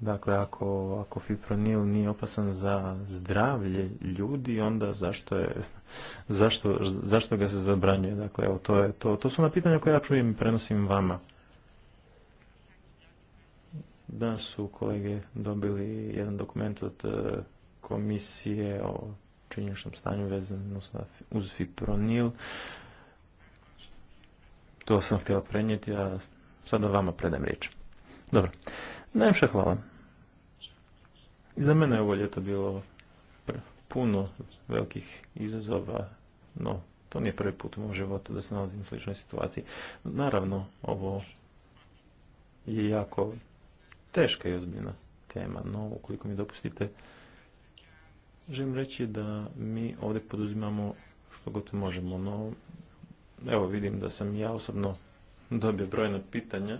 Dakle, ako, ako fipronil nije opasan za zdravlje ljudi, onda zašto, je, zašto, zašto ga se zabranjuje? Dakle, evo, to, je, to, to su na pitanja koja ja čujem i prenosim vama. Danas su kolege dobili jedan dokument od e, komisije o činjeničnom stanju vezano uz fipronil. To sam htio prenijeti, a sada vama predam riječ. Dobro. Najviše hvala. I za mene je ovo ljeto bilo puno velikih izazova, no to nije prvi put u mom životu da se nalazim u sličnoj situaciji. Naravno, ovo je jako teška i ozbiljna tema, no ukoliko mi dopustite, želim reći da mi ovdje poduzimamo što god možemo, no evo vidim da sam ja osobno dobio brojna pitanja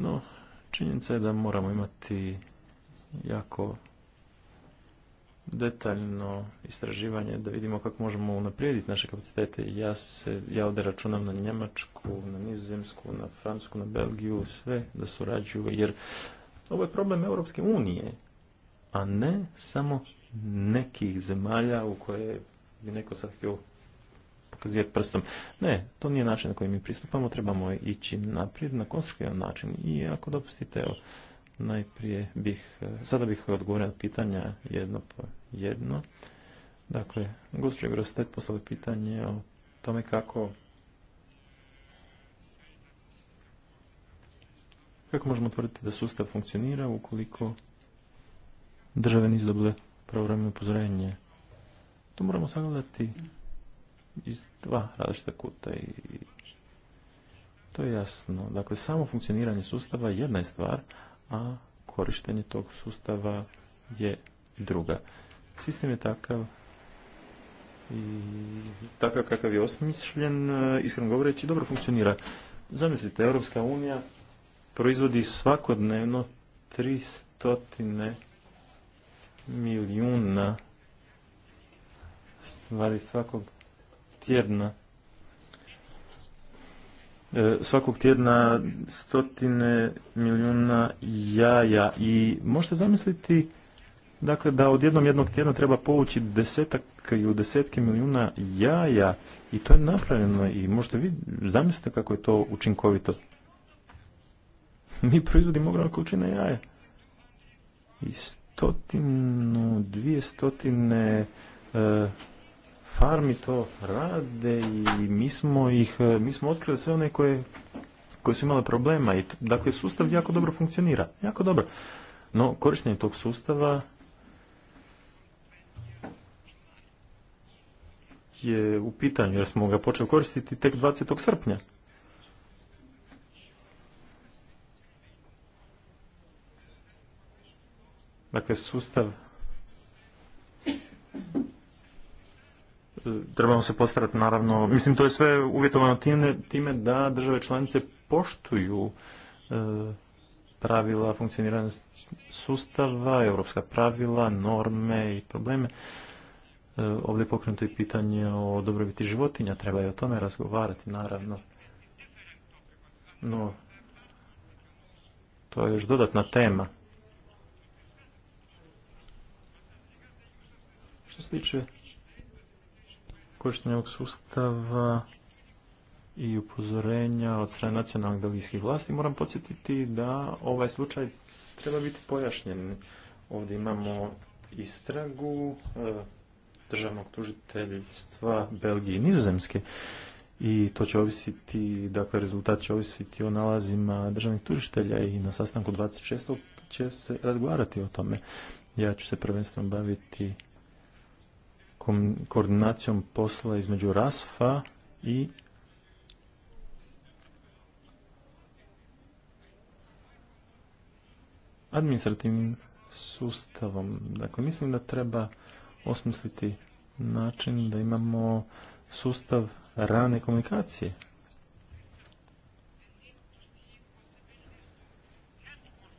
No, činjenica je da moramo imati jako detaljno istraživanje da vidimo kako možemo unaprijediti naše kapacitete. Ja, se, ja ovdje računam na Njemačku, na Nizozemsku, na Francusku, na Belgiju, sve da surađuju, jer ovo je problem Europske unije, a ne samo nekih zemalja u koje bi neko sad htio pokazivati prstom. Ne, to nije način na koji mi pristupamo, trebamo ići naprijed na konstruktivan način. I ako dopustite, evo, najprije bih, e, sada bih odgovorio na pitanja jedno po jedno. Dakle, gospođo Grostet poslali pitanje o tome kako kako možemo tvrditi da sustav funkcionira ukoliko države nisu dobile pravovremeno upozorenje. To moramo sagledati iz dva različita kuta i to je jasno. Dakle, samo funkcioniranje sustava jedna je stvar, a korištenje tog sustava je druga. Sistem je takav i takav kakav je osmišljen, e, iskreno govoreći, dobro funkcionira. Zamislite, Europska unija proizvodi svakodnevno 300 milijuna stvari svakog tjedna e, svakog tjedna stotine milijuna jaja i možete zamisliti dakle da jednom jednog tjedna treba povući desetak i desetke milijuna jaja i to je napravljeno i možete vi zamislite kako je to učinkovito. Mi proizvodimo ogromne količine jaja. I stotinu, dvije stotine e, farmi to rade i mi smo ih, e, mi smo otkrili sve one koje, su imale problema i dakle sustav jako dobro funkcionira, jako dobro. No korištenje tog sustava je u pitanju jer smo ga počeli koristiti tek 20. srpnja. Dakle, sustav trebamo se postarati naravno, mislim to je sve uvjetovano time, time da države članice poštuju e, pravila funkcioniranja sustava, europska pravila, norme i probleme. E, ovdje je pokrenuto i pitanje o dobrobiti životinja, treba je o tome razgovarati naravno. No, to je još dodatna tema. Što se tiče korištenje ovog sustava i upozorenja od strane nacionalnih belgijskih vlasti, moram podsjetiti da ovaj slučaj treba biti pojašnjen. Ovdje imamo istragu e, državnog tužiteljstva Belgije i Nizozemske i to će ovisiti, dakle rezultat će ovisiti o nalazima državnih tužitelja i na sastanku 26. će se razgovarati o tome. Ja ću se prvenstveno baviti koordinacijom posla između RASFA i administrativnim sustavom. Dakle, mislim da treba osmisliti način da imamo sustav rane komunikacije.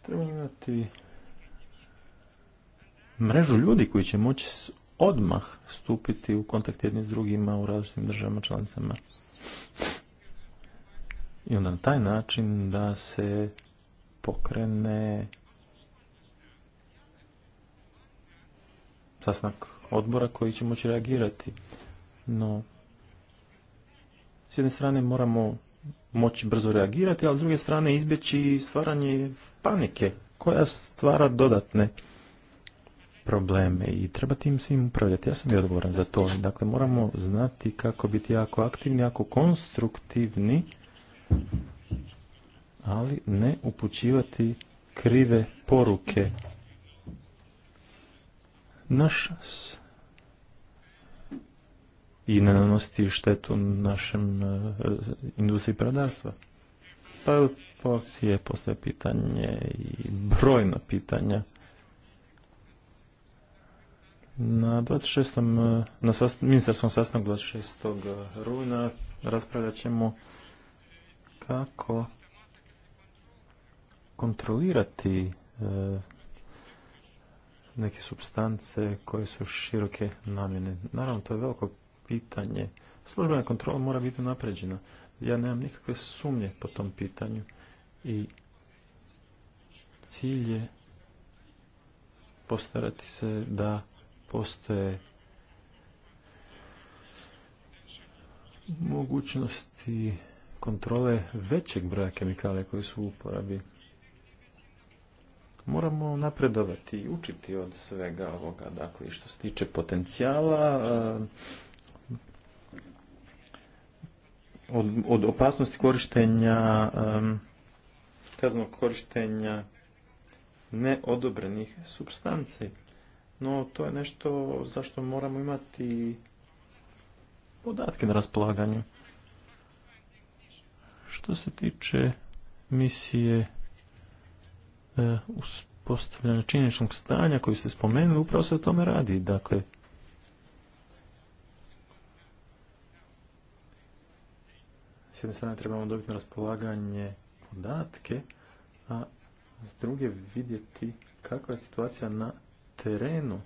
Treba imati mrežu ljudi koji će moći odmah stupiti u kontakt jedni s drugima u različitim državama članicama. I onda na taj način da se pokrene sasnak odbora koji će moći reagirati. No, s jedne strane moramo moći brzo reagirati, ali s druge strane izbjeći stvaranje panike koja stvara dodatne probleme i treba tim svim upravljati. Ja sam i odgovoran za to. Dakle, moramo znati kako biti jako aktivni, jako konstruktivni, ali ne upućivati krive poruke. Naš i ne nanositi štetu našem e, industriji pradarstva. Pa je pitanje i brojna pitanja. Na 26. Eh, na sast, ministarskom sastanku 26. Eh, rujna raspravljat ćemo kako kontrolirati eh, neke substance koje su široke namjene. Naravno, to je veliko pitanje. Službena kontrola mora biti napređena. Ja nemam nikakve sumnje po tom pitanju i cilj je postarati se da postoje mogućnosti kontrole većeg broja kemikalija koji su u uporabi. Moramo napredovati i učiti od svega ovoga. Dakle, što se tiče potencijala, od, od opasnosti korištenja kaznog korištenja neodobrenih substanci no to je nešto zašto moramo imati podatke na raspolaganju. Što se tiče misije e, uspostavljanja činjeničnog stanja koji ste spomenuli, upravo se o tome radi. Dakle, s jedne strane trebamo dobiti na raspolaganje podatke, a s druge vidjeti kakva je situacija na terenu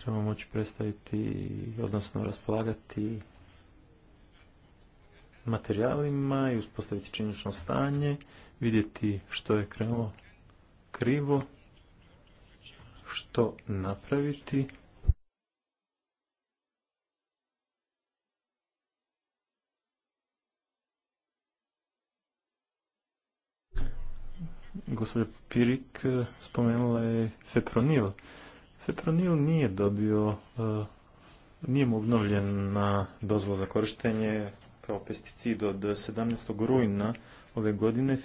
trebamo moći predstaviti, odnosno raspolagati materijalima i uspostaviti činično stanje, vidjeti što je krenulo krivo, što napraviti gospođa Pirik e, spomenula je fepronil. Fepronil nije dobio, e, nije mu na dozvolu za korištenje kao pesticid od 17. rujna ove godine.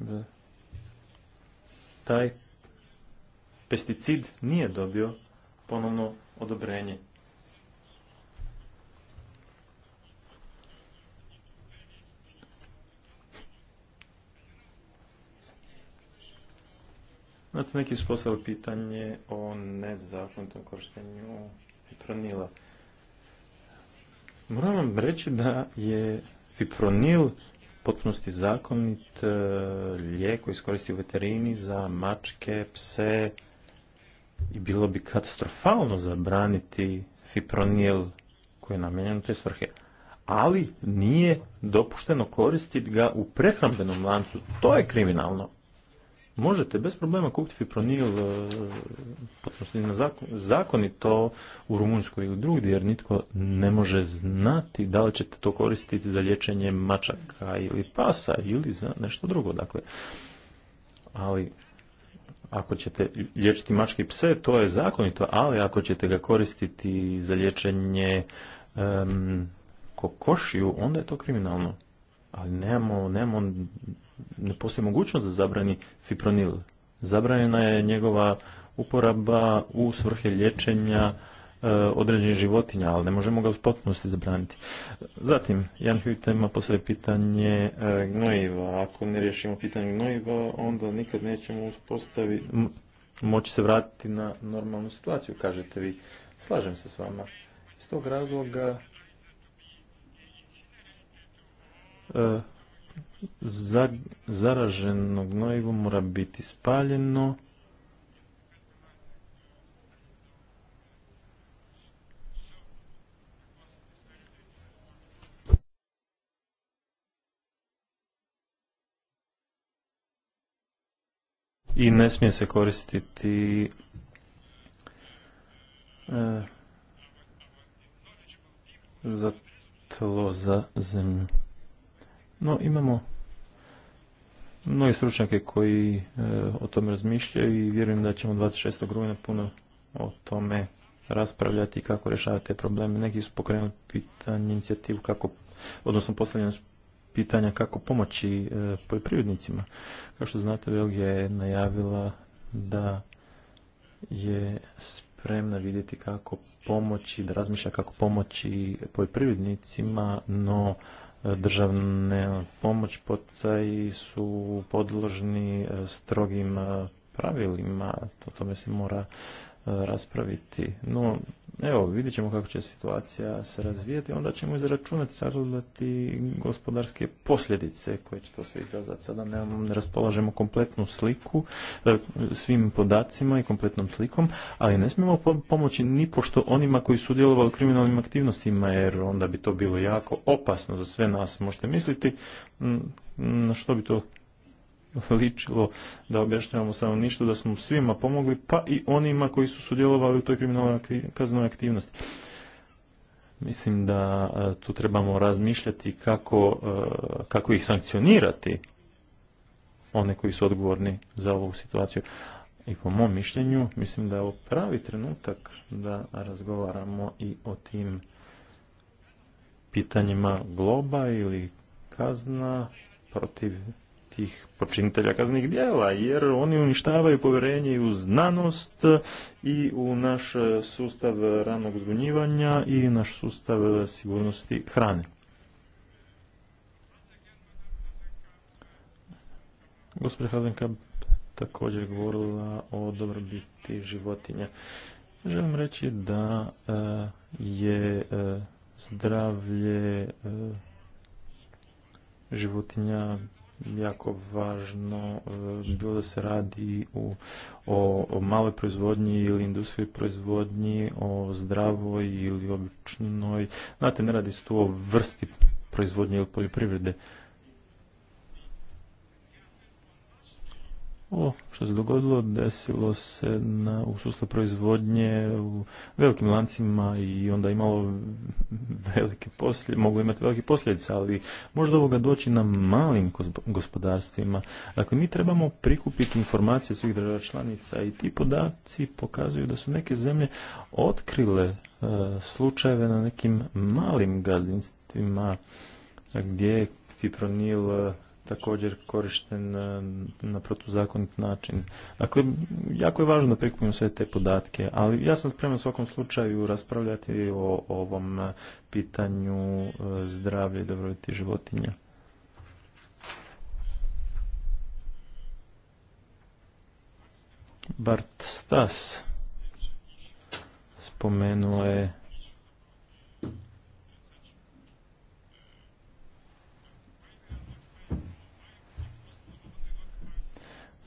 E, taj pesticid nije dobio ponovno odobrenje. Znate, neki su postavili pitanje o nezakonitom korištenju fipronila. Moram vam reći da je fipronil potpunosti zakonit e, lijek koji koristi u veterini za mačke, pse i bilo bi katastrofalno zabraniti fipronil koji je namijenjen u te svrhe. Ali nije dopušteno koristiti ga u prehrambenom lancu. To je kriminalno možete bez problema kupiti fipronil e, na zakonito u Rumunjskoj ili drugdje, jer nitko ne može znati da li ćete to koristiti za liječenje mačaka ili pasa ili za nešto drugo. Dakle, ali ako ćete liječiti mačke i pse, to je zakonito, ali ako ćete ga koristiti za liječenje kokošiju, onda je to kriminalno. Ali nemamo, nemamo ne postoji mogućnost da zabrani fipronil. Zabranjena je njegova uporaba u svrhe liječenja e, određenih životinja, ali ne možemo ga u potpunosti zabraniti. Zatim, Jan ima postavlja pitanje e, gnojiva. Ako ne riješimo pitanje gnojiva, onda nikad nećemo uspostaviti moći se vratiti na normalnu situaciju, kažete vi. Slažem se s vama. Iz tog razloga e, zaraženo gnojivo mora biti spaljeno. I ne smije se koristiti e, za tlo, za zemlju. No, imamo mnogi stručnjake koji e, o tome razmišljaju i vjerujem da ćemo 26. rujna puno o tome raspravljati i kako rješavati te probleme. Neki su pokrenuli pitanje, inicijativu kako, odnosno postavljanje pitanja kako pomoći e, poljoprivrednicima. Kao što znate, Belgija je najavila da je spremna vidjeti kako pomoći, da razmišlja kako pomoći poljoprivrednicima, no državne pomoć, poticaji su podložni e, strogim e, pravilima, o tome se mora raspraviti. No, evo, vidjet ćemo kako će situacija se razvijeti, onda ćemo izračunati, sagledati gospodarske posljedice koje će to sve izazvati. Sada ne raspolažemo kompletnu sliku, e, svim podacima i kompletnom slikom, ali ne smijemo pomoći ni pošto onima koji su djelovali u kriminalnim aktivnostima, jer onda bi to bilo jako opasno za sve nas, možete misliti, mm, na što bi to ličilo da objašnjavamo ništa da smo svima pomogli, pa i onima koji su sudjelovali u toj kriminalnoj kaznoj aktivnosti. Mislim da e, tu trebamo razmišljati kako, e, kako ih sankcionirati, one koji su odgovorni za ovu situaciju. I po mom mišljenju, mislim da je ovo pravi trenutak da razgovaramo i o tim pitanjima globa ili kazna protiv tih počinitelja kaznih djela, jer oni uništavaju povjerenje i u znanost i u naš sustav ranog zbunjivanja i naš sustav sigurnosti hrane. Gospodin Hazenka također govorila o dobrobiti životinja. Želim reći da e, je e, zdravlje e, životinja jako važno e, bilo da se radi u, o, maloj proizvodnji ili industriji proizvodnji, o zdravoj ili običnoj. Znate, ne radi se tu o vrsti proizvodnje ili poljoprivrede. Ovo što se dogodilo desilo se na, u proizvodnje u velikim lancima i onda imalo velike poslje, moglo imati velike posljedice, ali možda ovoga doći na malim gospodarstvima. Dakle, mi trebamo prikupiti informacije svih država članica i ti podaci pokazuju da su neke zemlje otkrile e, slučajeve na nekim malim gazdinstvima gdje fipronil također korišten na protuzakonit način. Dakle, jako je važno da prikupimo sve te podatke, ali ja sam spreman u svakom slučaju raspravljati o ovom pitanju e, zdravlja i dobrobiti životinja. Bart Stas spomenuo je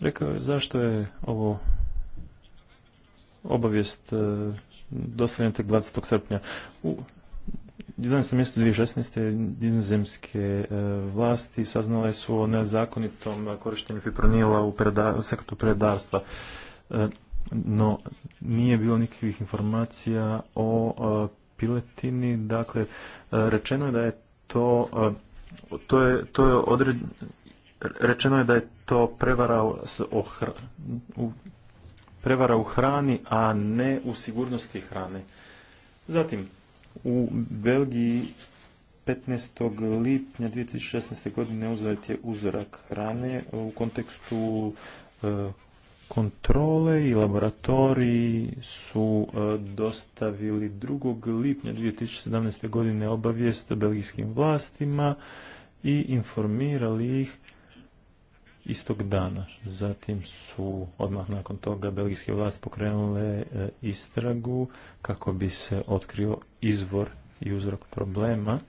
Rekao je zašto je ovo obavijest e, dostavljena tek 20. srpnja. U 11. mjestu 2016. dinozemske vlasti saznale su o nezakonitom korištenju fipronila u, u sektoru predarstva e, no nije bilo nikakvih informacija o e, piletini, dakle rečeno je da je to to je, to je rečeno je da je to prevara s u... prevara u hrani, a ne u sigurnosti hrane. Zatim, u Belgiji 15. lipnja 2016. godine uzet je uzorak hrane u kontekstu e, kontrole i laboratoriji su e, dostavili 2. lipnja 2017. godine obavijest belgijskim vlastima i informirali ih istog dana. Zatim su odmah nakon toga belgijske vlasti pokrenule e, istragu kako bi se otkrio izvor i uzrok problema.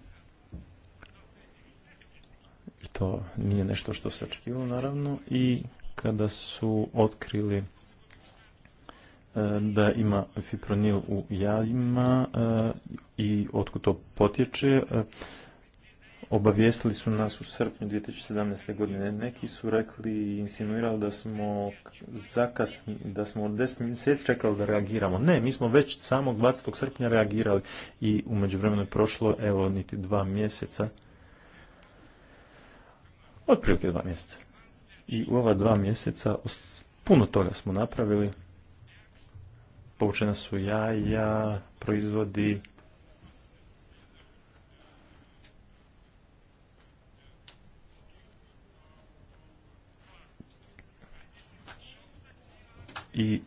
To nije nešto što se očekivalo naravno i kada su otkrili e, da ima fipronil u jajima e, i otkud to potječe, obavijestili su nas u srpnju 2017. godine. Neki su rekli i insinuirali da smo zakasni, da smo od 10 mjeseci čekali da reagiramo. Ne, mi smo već samog 20. srpnja reagirali i u međuvremenu je prošlo, evo, niti dva mjeseca. Otprilike dva mjeseca. I u ova dva mjeseca puno toga smo napravili. Povučena su jaja, proizvodi, i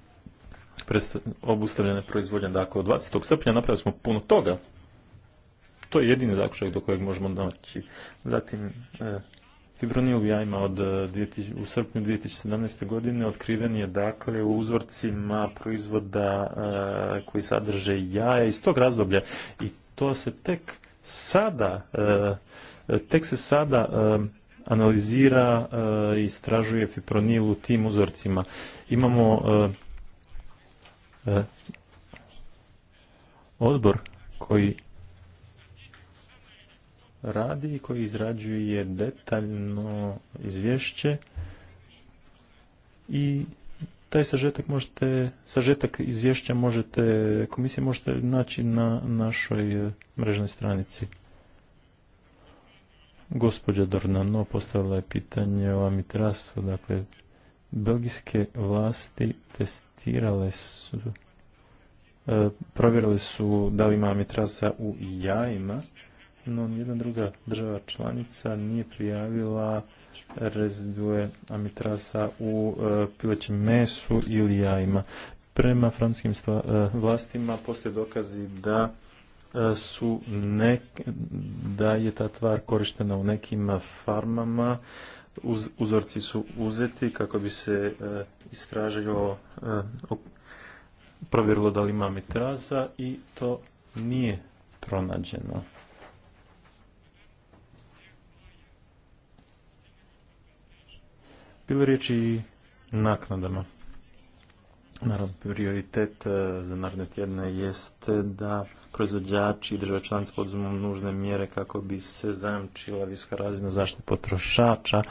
obustavljene proizvodnje Dakle, od 20. srpnja napravili smo puno toga. To je jedini zaključak do kojeg možemo doći. Zatim, e, fibronil jajma od e, u srpnju 2017. godine otkriven je dakle u uzorcima proizvoda e, koji sadrže jaja iz tog razdoblja i to se tek sada e, tek se sada analizira, eh, istražuje fipronil u tim uzorcima. Imamo eh, eh, odbor koji radi i koji izrađuje detaljno izvješće i taj sažetak možete, sažetak izvješća možete, komisije možete naći na našoj mrežnoj stranici. Gospođa Dornano postavila je pitanje o amitrasu, dakle, belgijske vlasti testirale su, e, su da li ima amitrasa u jajima, no nijedna druga država članica nije prijavila rezidue amitrasa u e, pilećem mesu ili jajima. Prema francuskim e, vlastima postoje dokazi da E, su da je ta tvar korištena u nekim farmama. uzorci su uzeti kako bi se e, istražilo, e, provjerilo da li ima mitraza i to nije pronađeno. Bilo riječi naknadama. Naravno, prioritet e, za naredne tjedne jeste da proizvođači i države članice poduzmu nužne mjere kako bi se zajamčila visoka razina zaštite potrošača,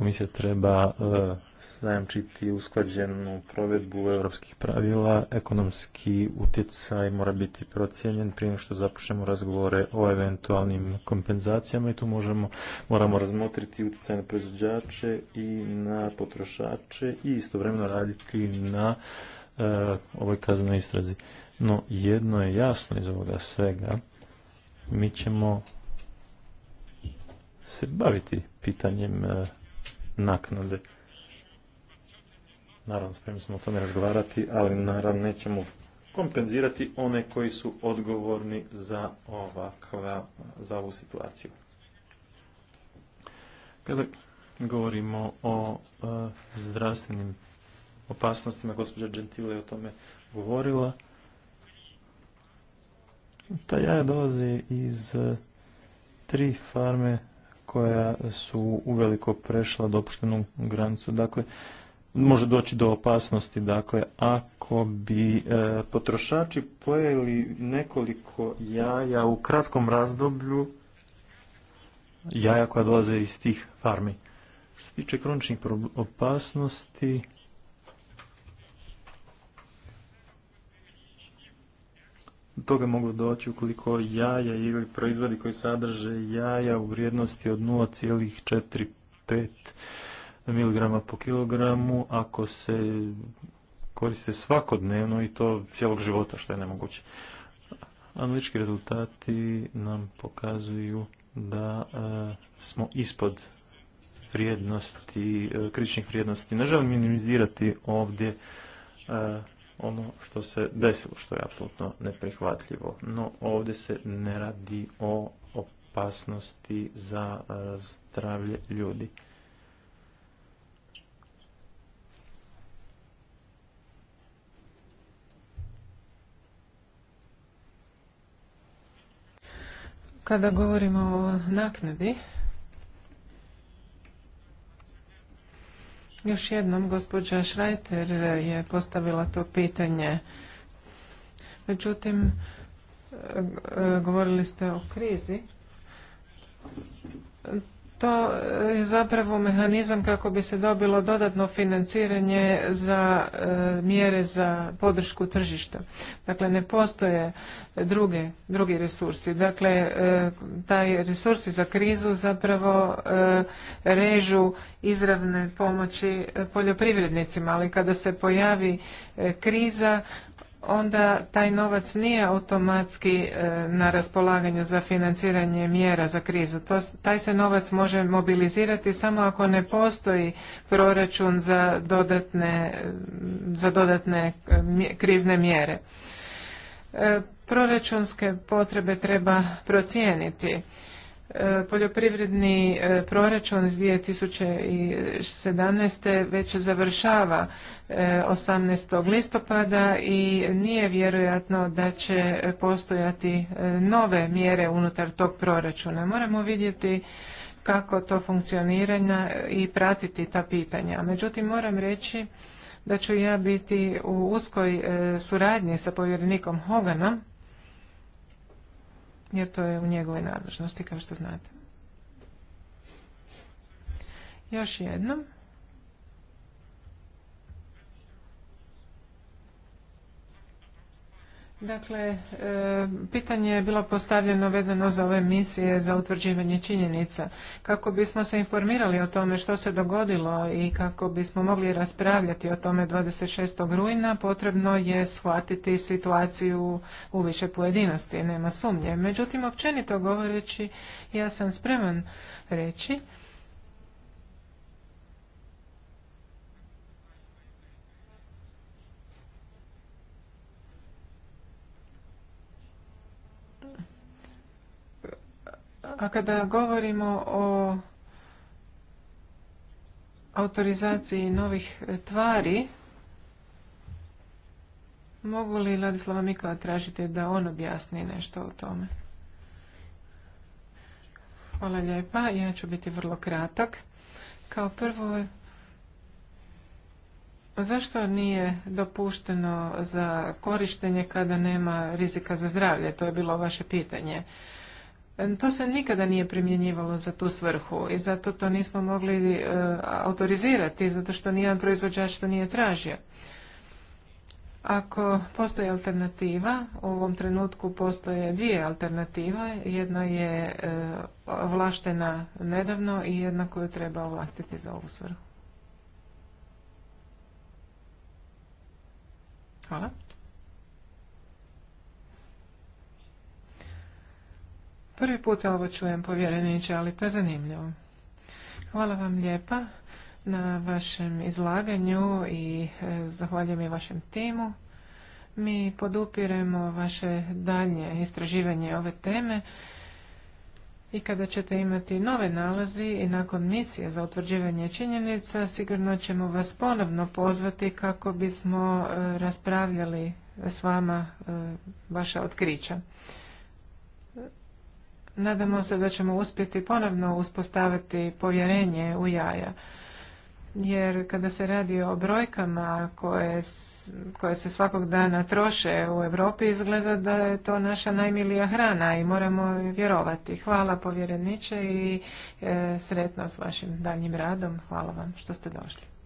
mi se treba e, zajamčiti usklađenu provedbu europskih pravila. Ekonomski utjecaj mora biti procijenjen prije što započnemo razgovore o eventualnim kompenzacijama i tu možemo, moramo razmotriti utjecaj na proizvođače i na potrošače i istovremeno raditi na e, ovoj kaznenoj istrazi. No jedno je jasno iz ovoga svega, mi ćemo se baviti pitanjem e, naknade. Naravno, spremni smo o tome razgovarati, ali naravno nećemo kompenzirati one koji su odgovorni za ovakva, za ovu situaciju. Kada govorimo o e, zdravstvenim opasnostima, gospođa Gentile je o tome govorila, ta jaja dolaze iz e, tri farme koja su uveliko prešla dopuštenu granicu. Dakle, može doći do opasnosti, dakle, ako bi e, potrošači pojeli nekoliko jaja u kratkom razdoblju, jaja koja dolaze iz tih farmi. Što se tiče kroničnih opasnosti, toga moglo doći ukoliko jaja ili proizvodi koji sadrže jaja u vrijednosti od 0,45 mg po kilogramu ako se koriste svakodnevno i to cijelog života što je nemoguće. Analitički rezultati nam pokazuju da e, smo ispod vrijednosti, e, kritičnih vrijednosti. Ne želim minimizirati ovdje e, ono što se desilo, što je apsolutno neprihvatljivo. No ovdje se ne radi o opasnosti za e, zdravlje ljudi. Kada govorimo o naknadi, Još jednom, gospođa Šrajter je postavila to pitanje. Međutim, e, e, govorili ste o krizi. To je zapravo mehanizam kako bi se dobilo dodatno financiranje za e, mjere za podršku tržišta. Dakle, ne postoje druge, drugi resursi. Dakle, e, taj resursi za krizu zapravo e, režu izravne pomoći poljoprivrednicima, ali kada se pojavi kriza, onda taj novac nije automatski e, na raspolaganju za financiranje mjera za krizu. To, taj se novac može mobilizirati samo ako ne postoji proračun za dodatne, e, za dodatne e, krizne mjere. Proračunske potrebe treba procijeniti E, poljoprivredni e, proračun iz 2017. već završava 18. E, listopada i nije vjerojatno da će postojati nove mjere unutar tog proračuna. Moramo vidjeti kako to funkcionira i pratiti ta pitanja. Međutim, moram reći da ću ja biti u uskoj suradnji sa povjerenikom Hoganom jer to je u njegovoj nadležnosti, kao što znate. Još jednom, Dakle, e, pitanje je bilo postavljeno vezano za ove misije za utvrđivanje činjenica. Kako bismo se informirali o tome što se dogodilo i kako bismo mogli raspravljati o tome 26. rujna, potrebno je shvatiti situaciju u više pojedinosti, nema sumnje. Međutim, općenito govoreći, ja sam spreman reći A kada govorimo o autorizaciji novih tvari, mogu li Ladislava Mikova tražiti da on objasni nešto o tome? Hvala lijepa, ja ću biti vrlo kratak. Kao prvo, zašto nije dopušteno za korištenje kada nema rizika za zdravlje? To je bilo vaše pitanje. To se nikada nije primjenjivalo za tu svrhu i zato to nismo mogli e, autorizirati, zato što nijedan proizvođač to nije tražio. Ako postoji alternativa, u ovom trenutku postoje dvije alternativa, jedna je e, ovlaštena nedavno i jedna koju treba ovlastiti za ovu svrhu. Hvala. Prvi put ovo čujem, povjereniče, ali to je zanimljivo. Hvala vam lijepa na vašem izlaganju i e, zahvaljujem i vašem timu. Mi podupiremo vaše daljnje istraživanje ove teme i kada ćete imati nove nalazi i nakon misije za utvrđivanje činjenica, sigurno ćemo vas ponovno pozvati kako bismo e, raspravljali s vama e, vaša otkrića. Nadamo se da ćemo uspjeti ponovno uspostaviti povjerenje u jaja. Jer kada se radi o brojkama koje, koje se svakog dana troše u Europi, izgleda da je to naša najmilija hrana i moramo vjerovati. Hvala povjereniče i e, sretno s vašim daljnjim radom. Hvala vam što ste došli.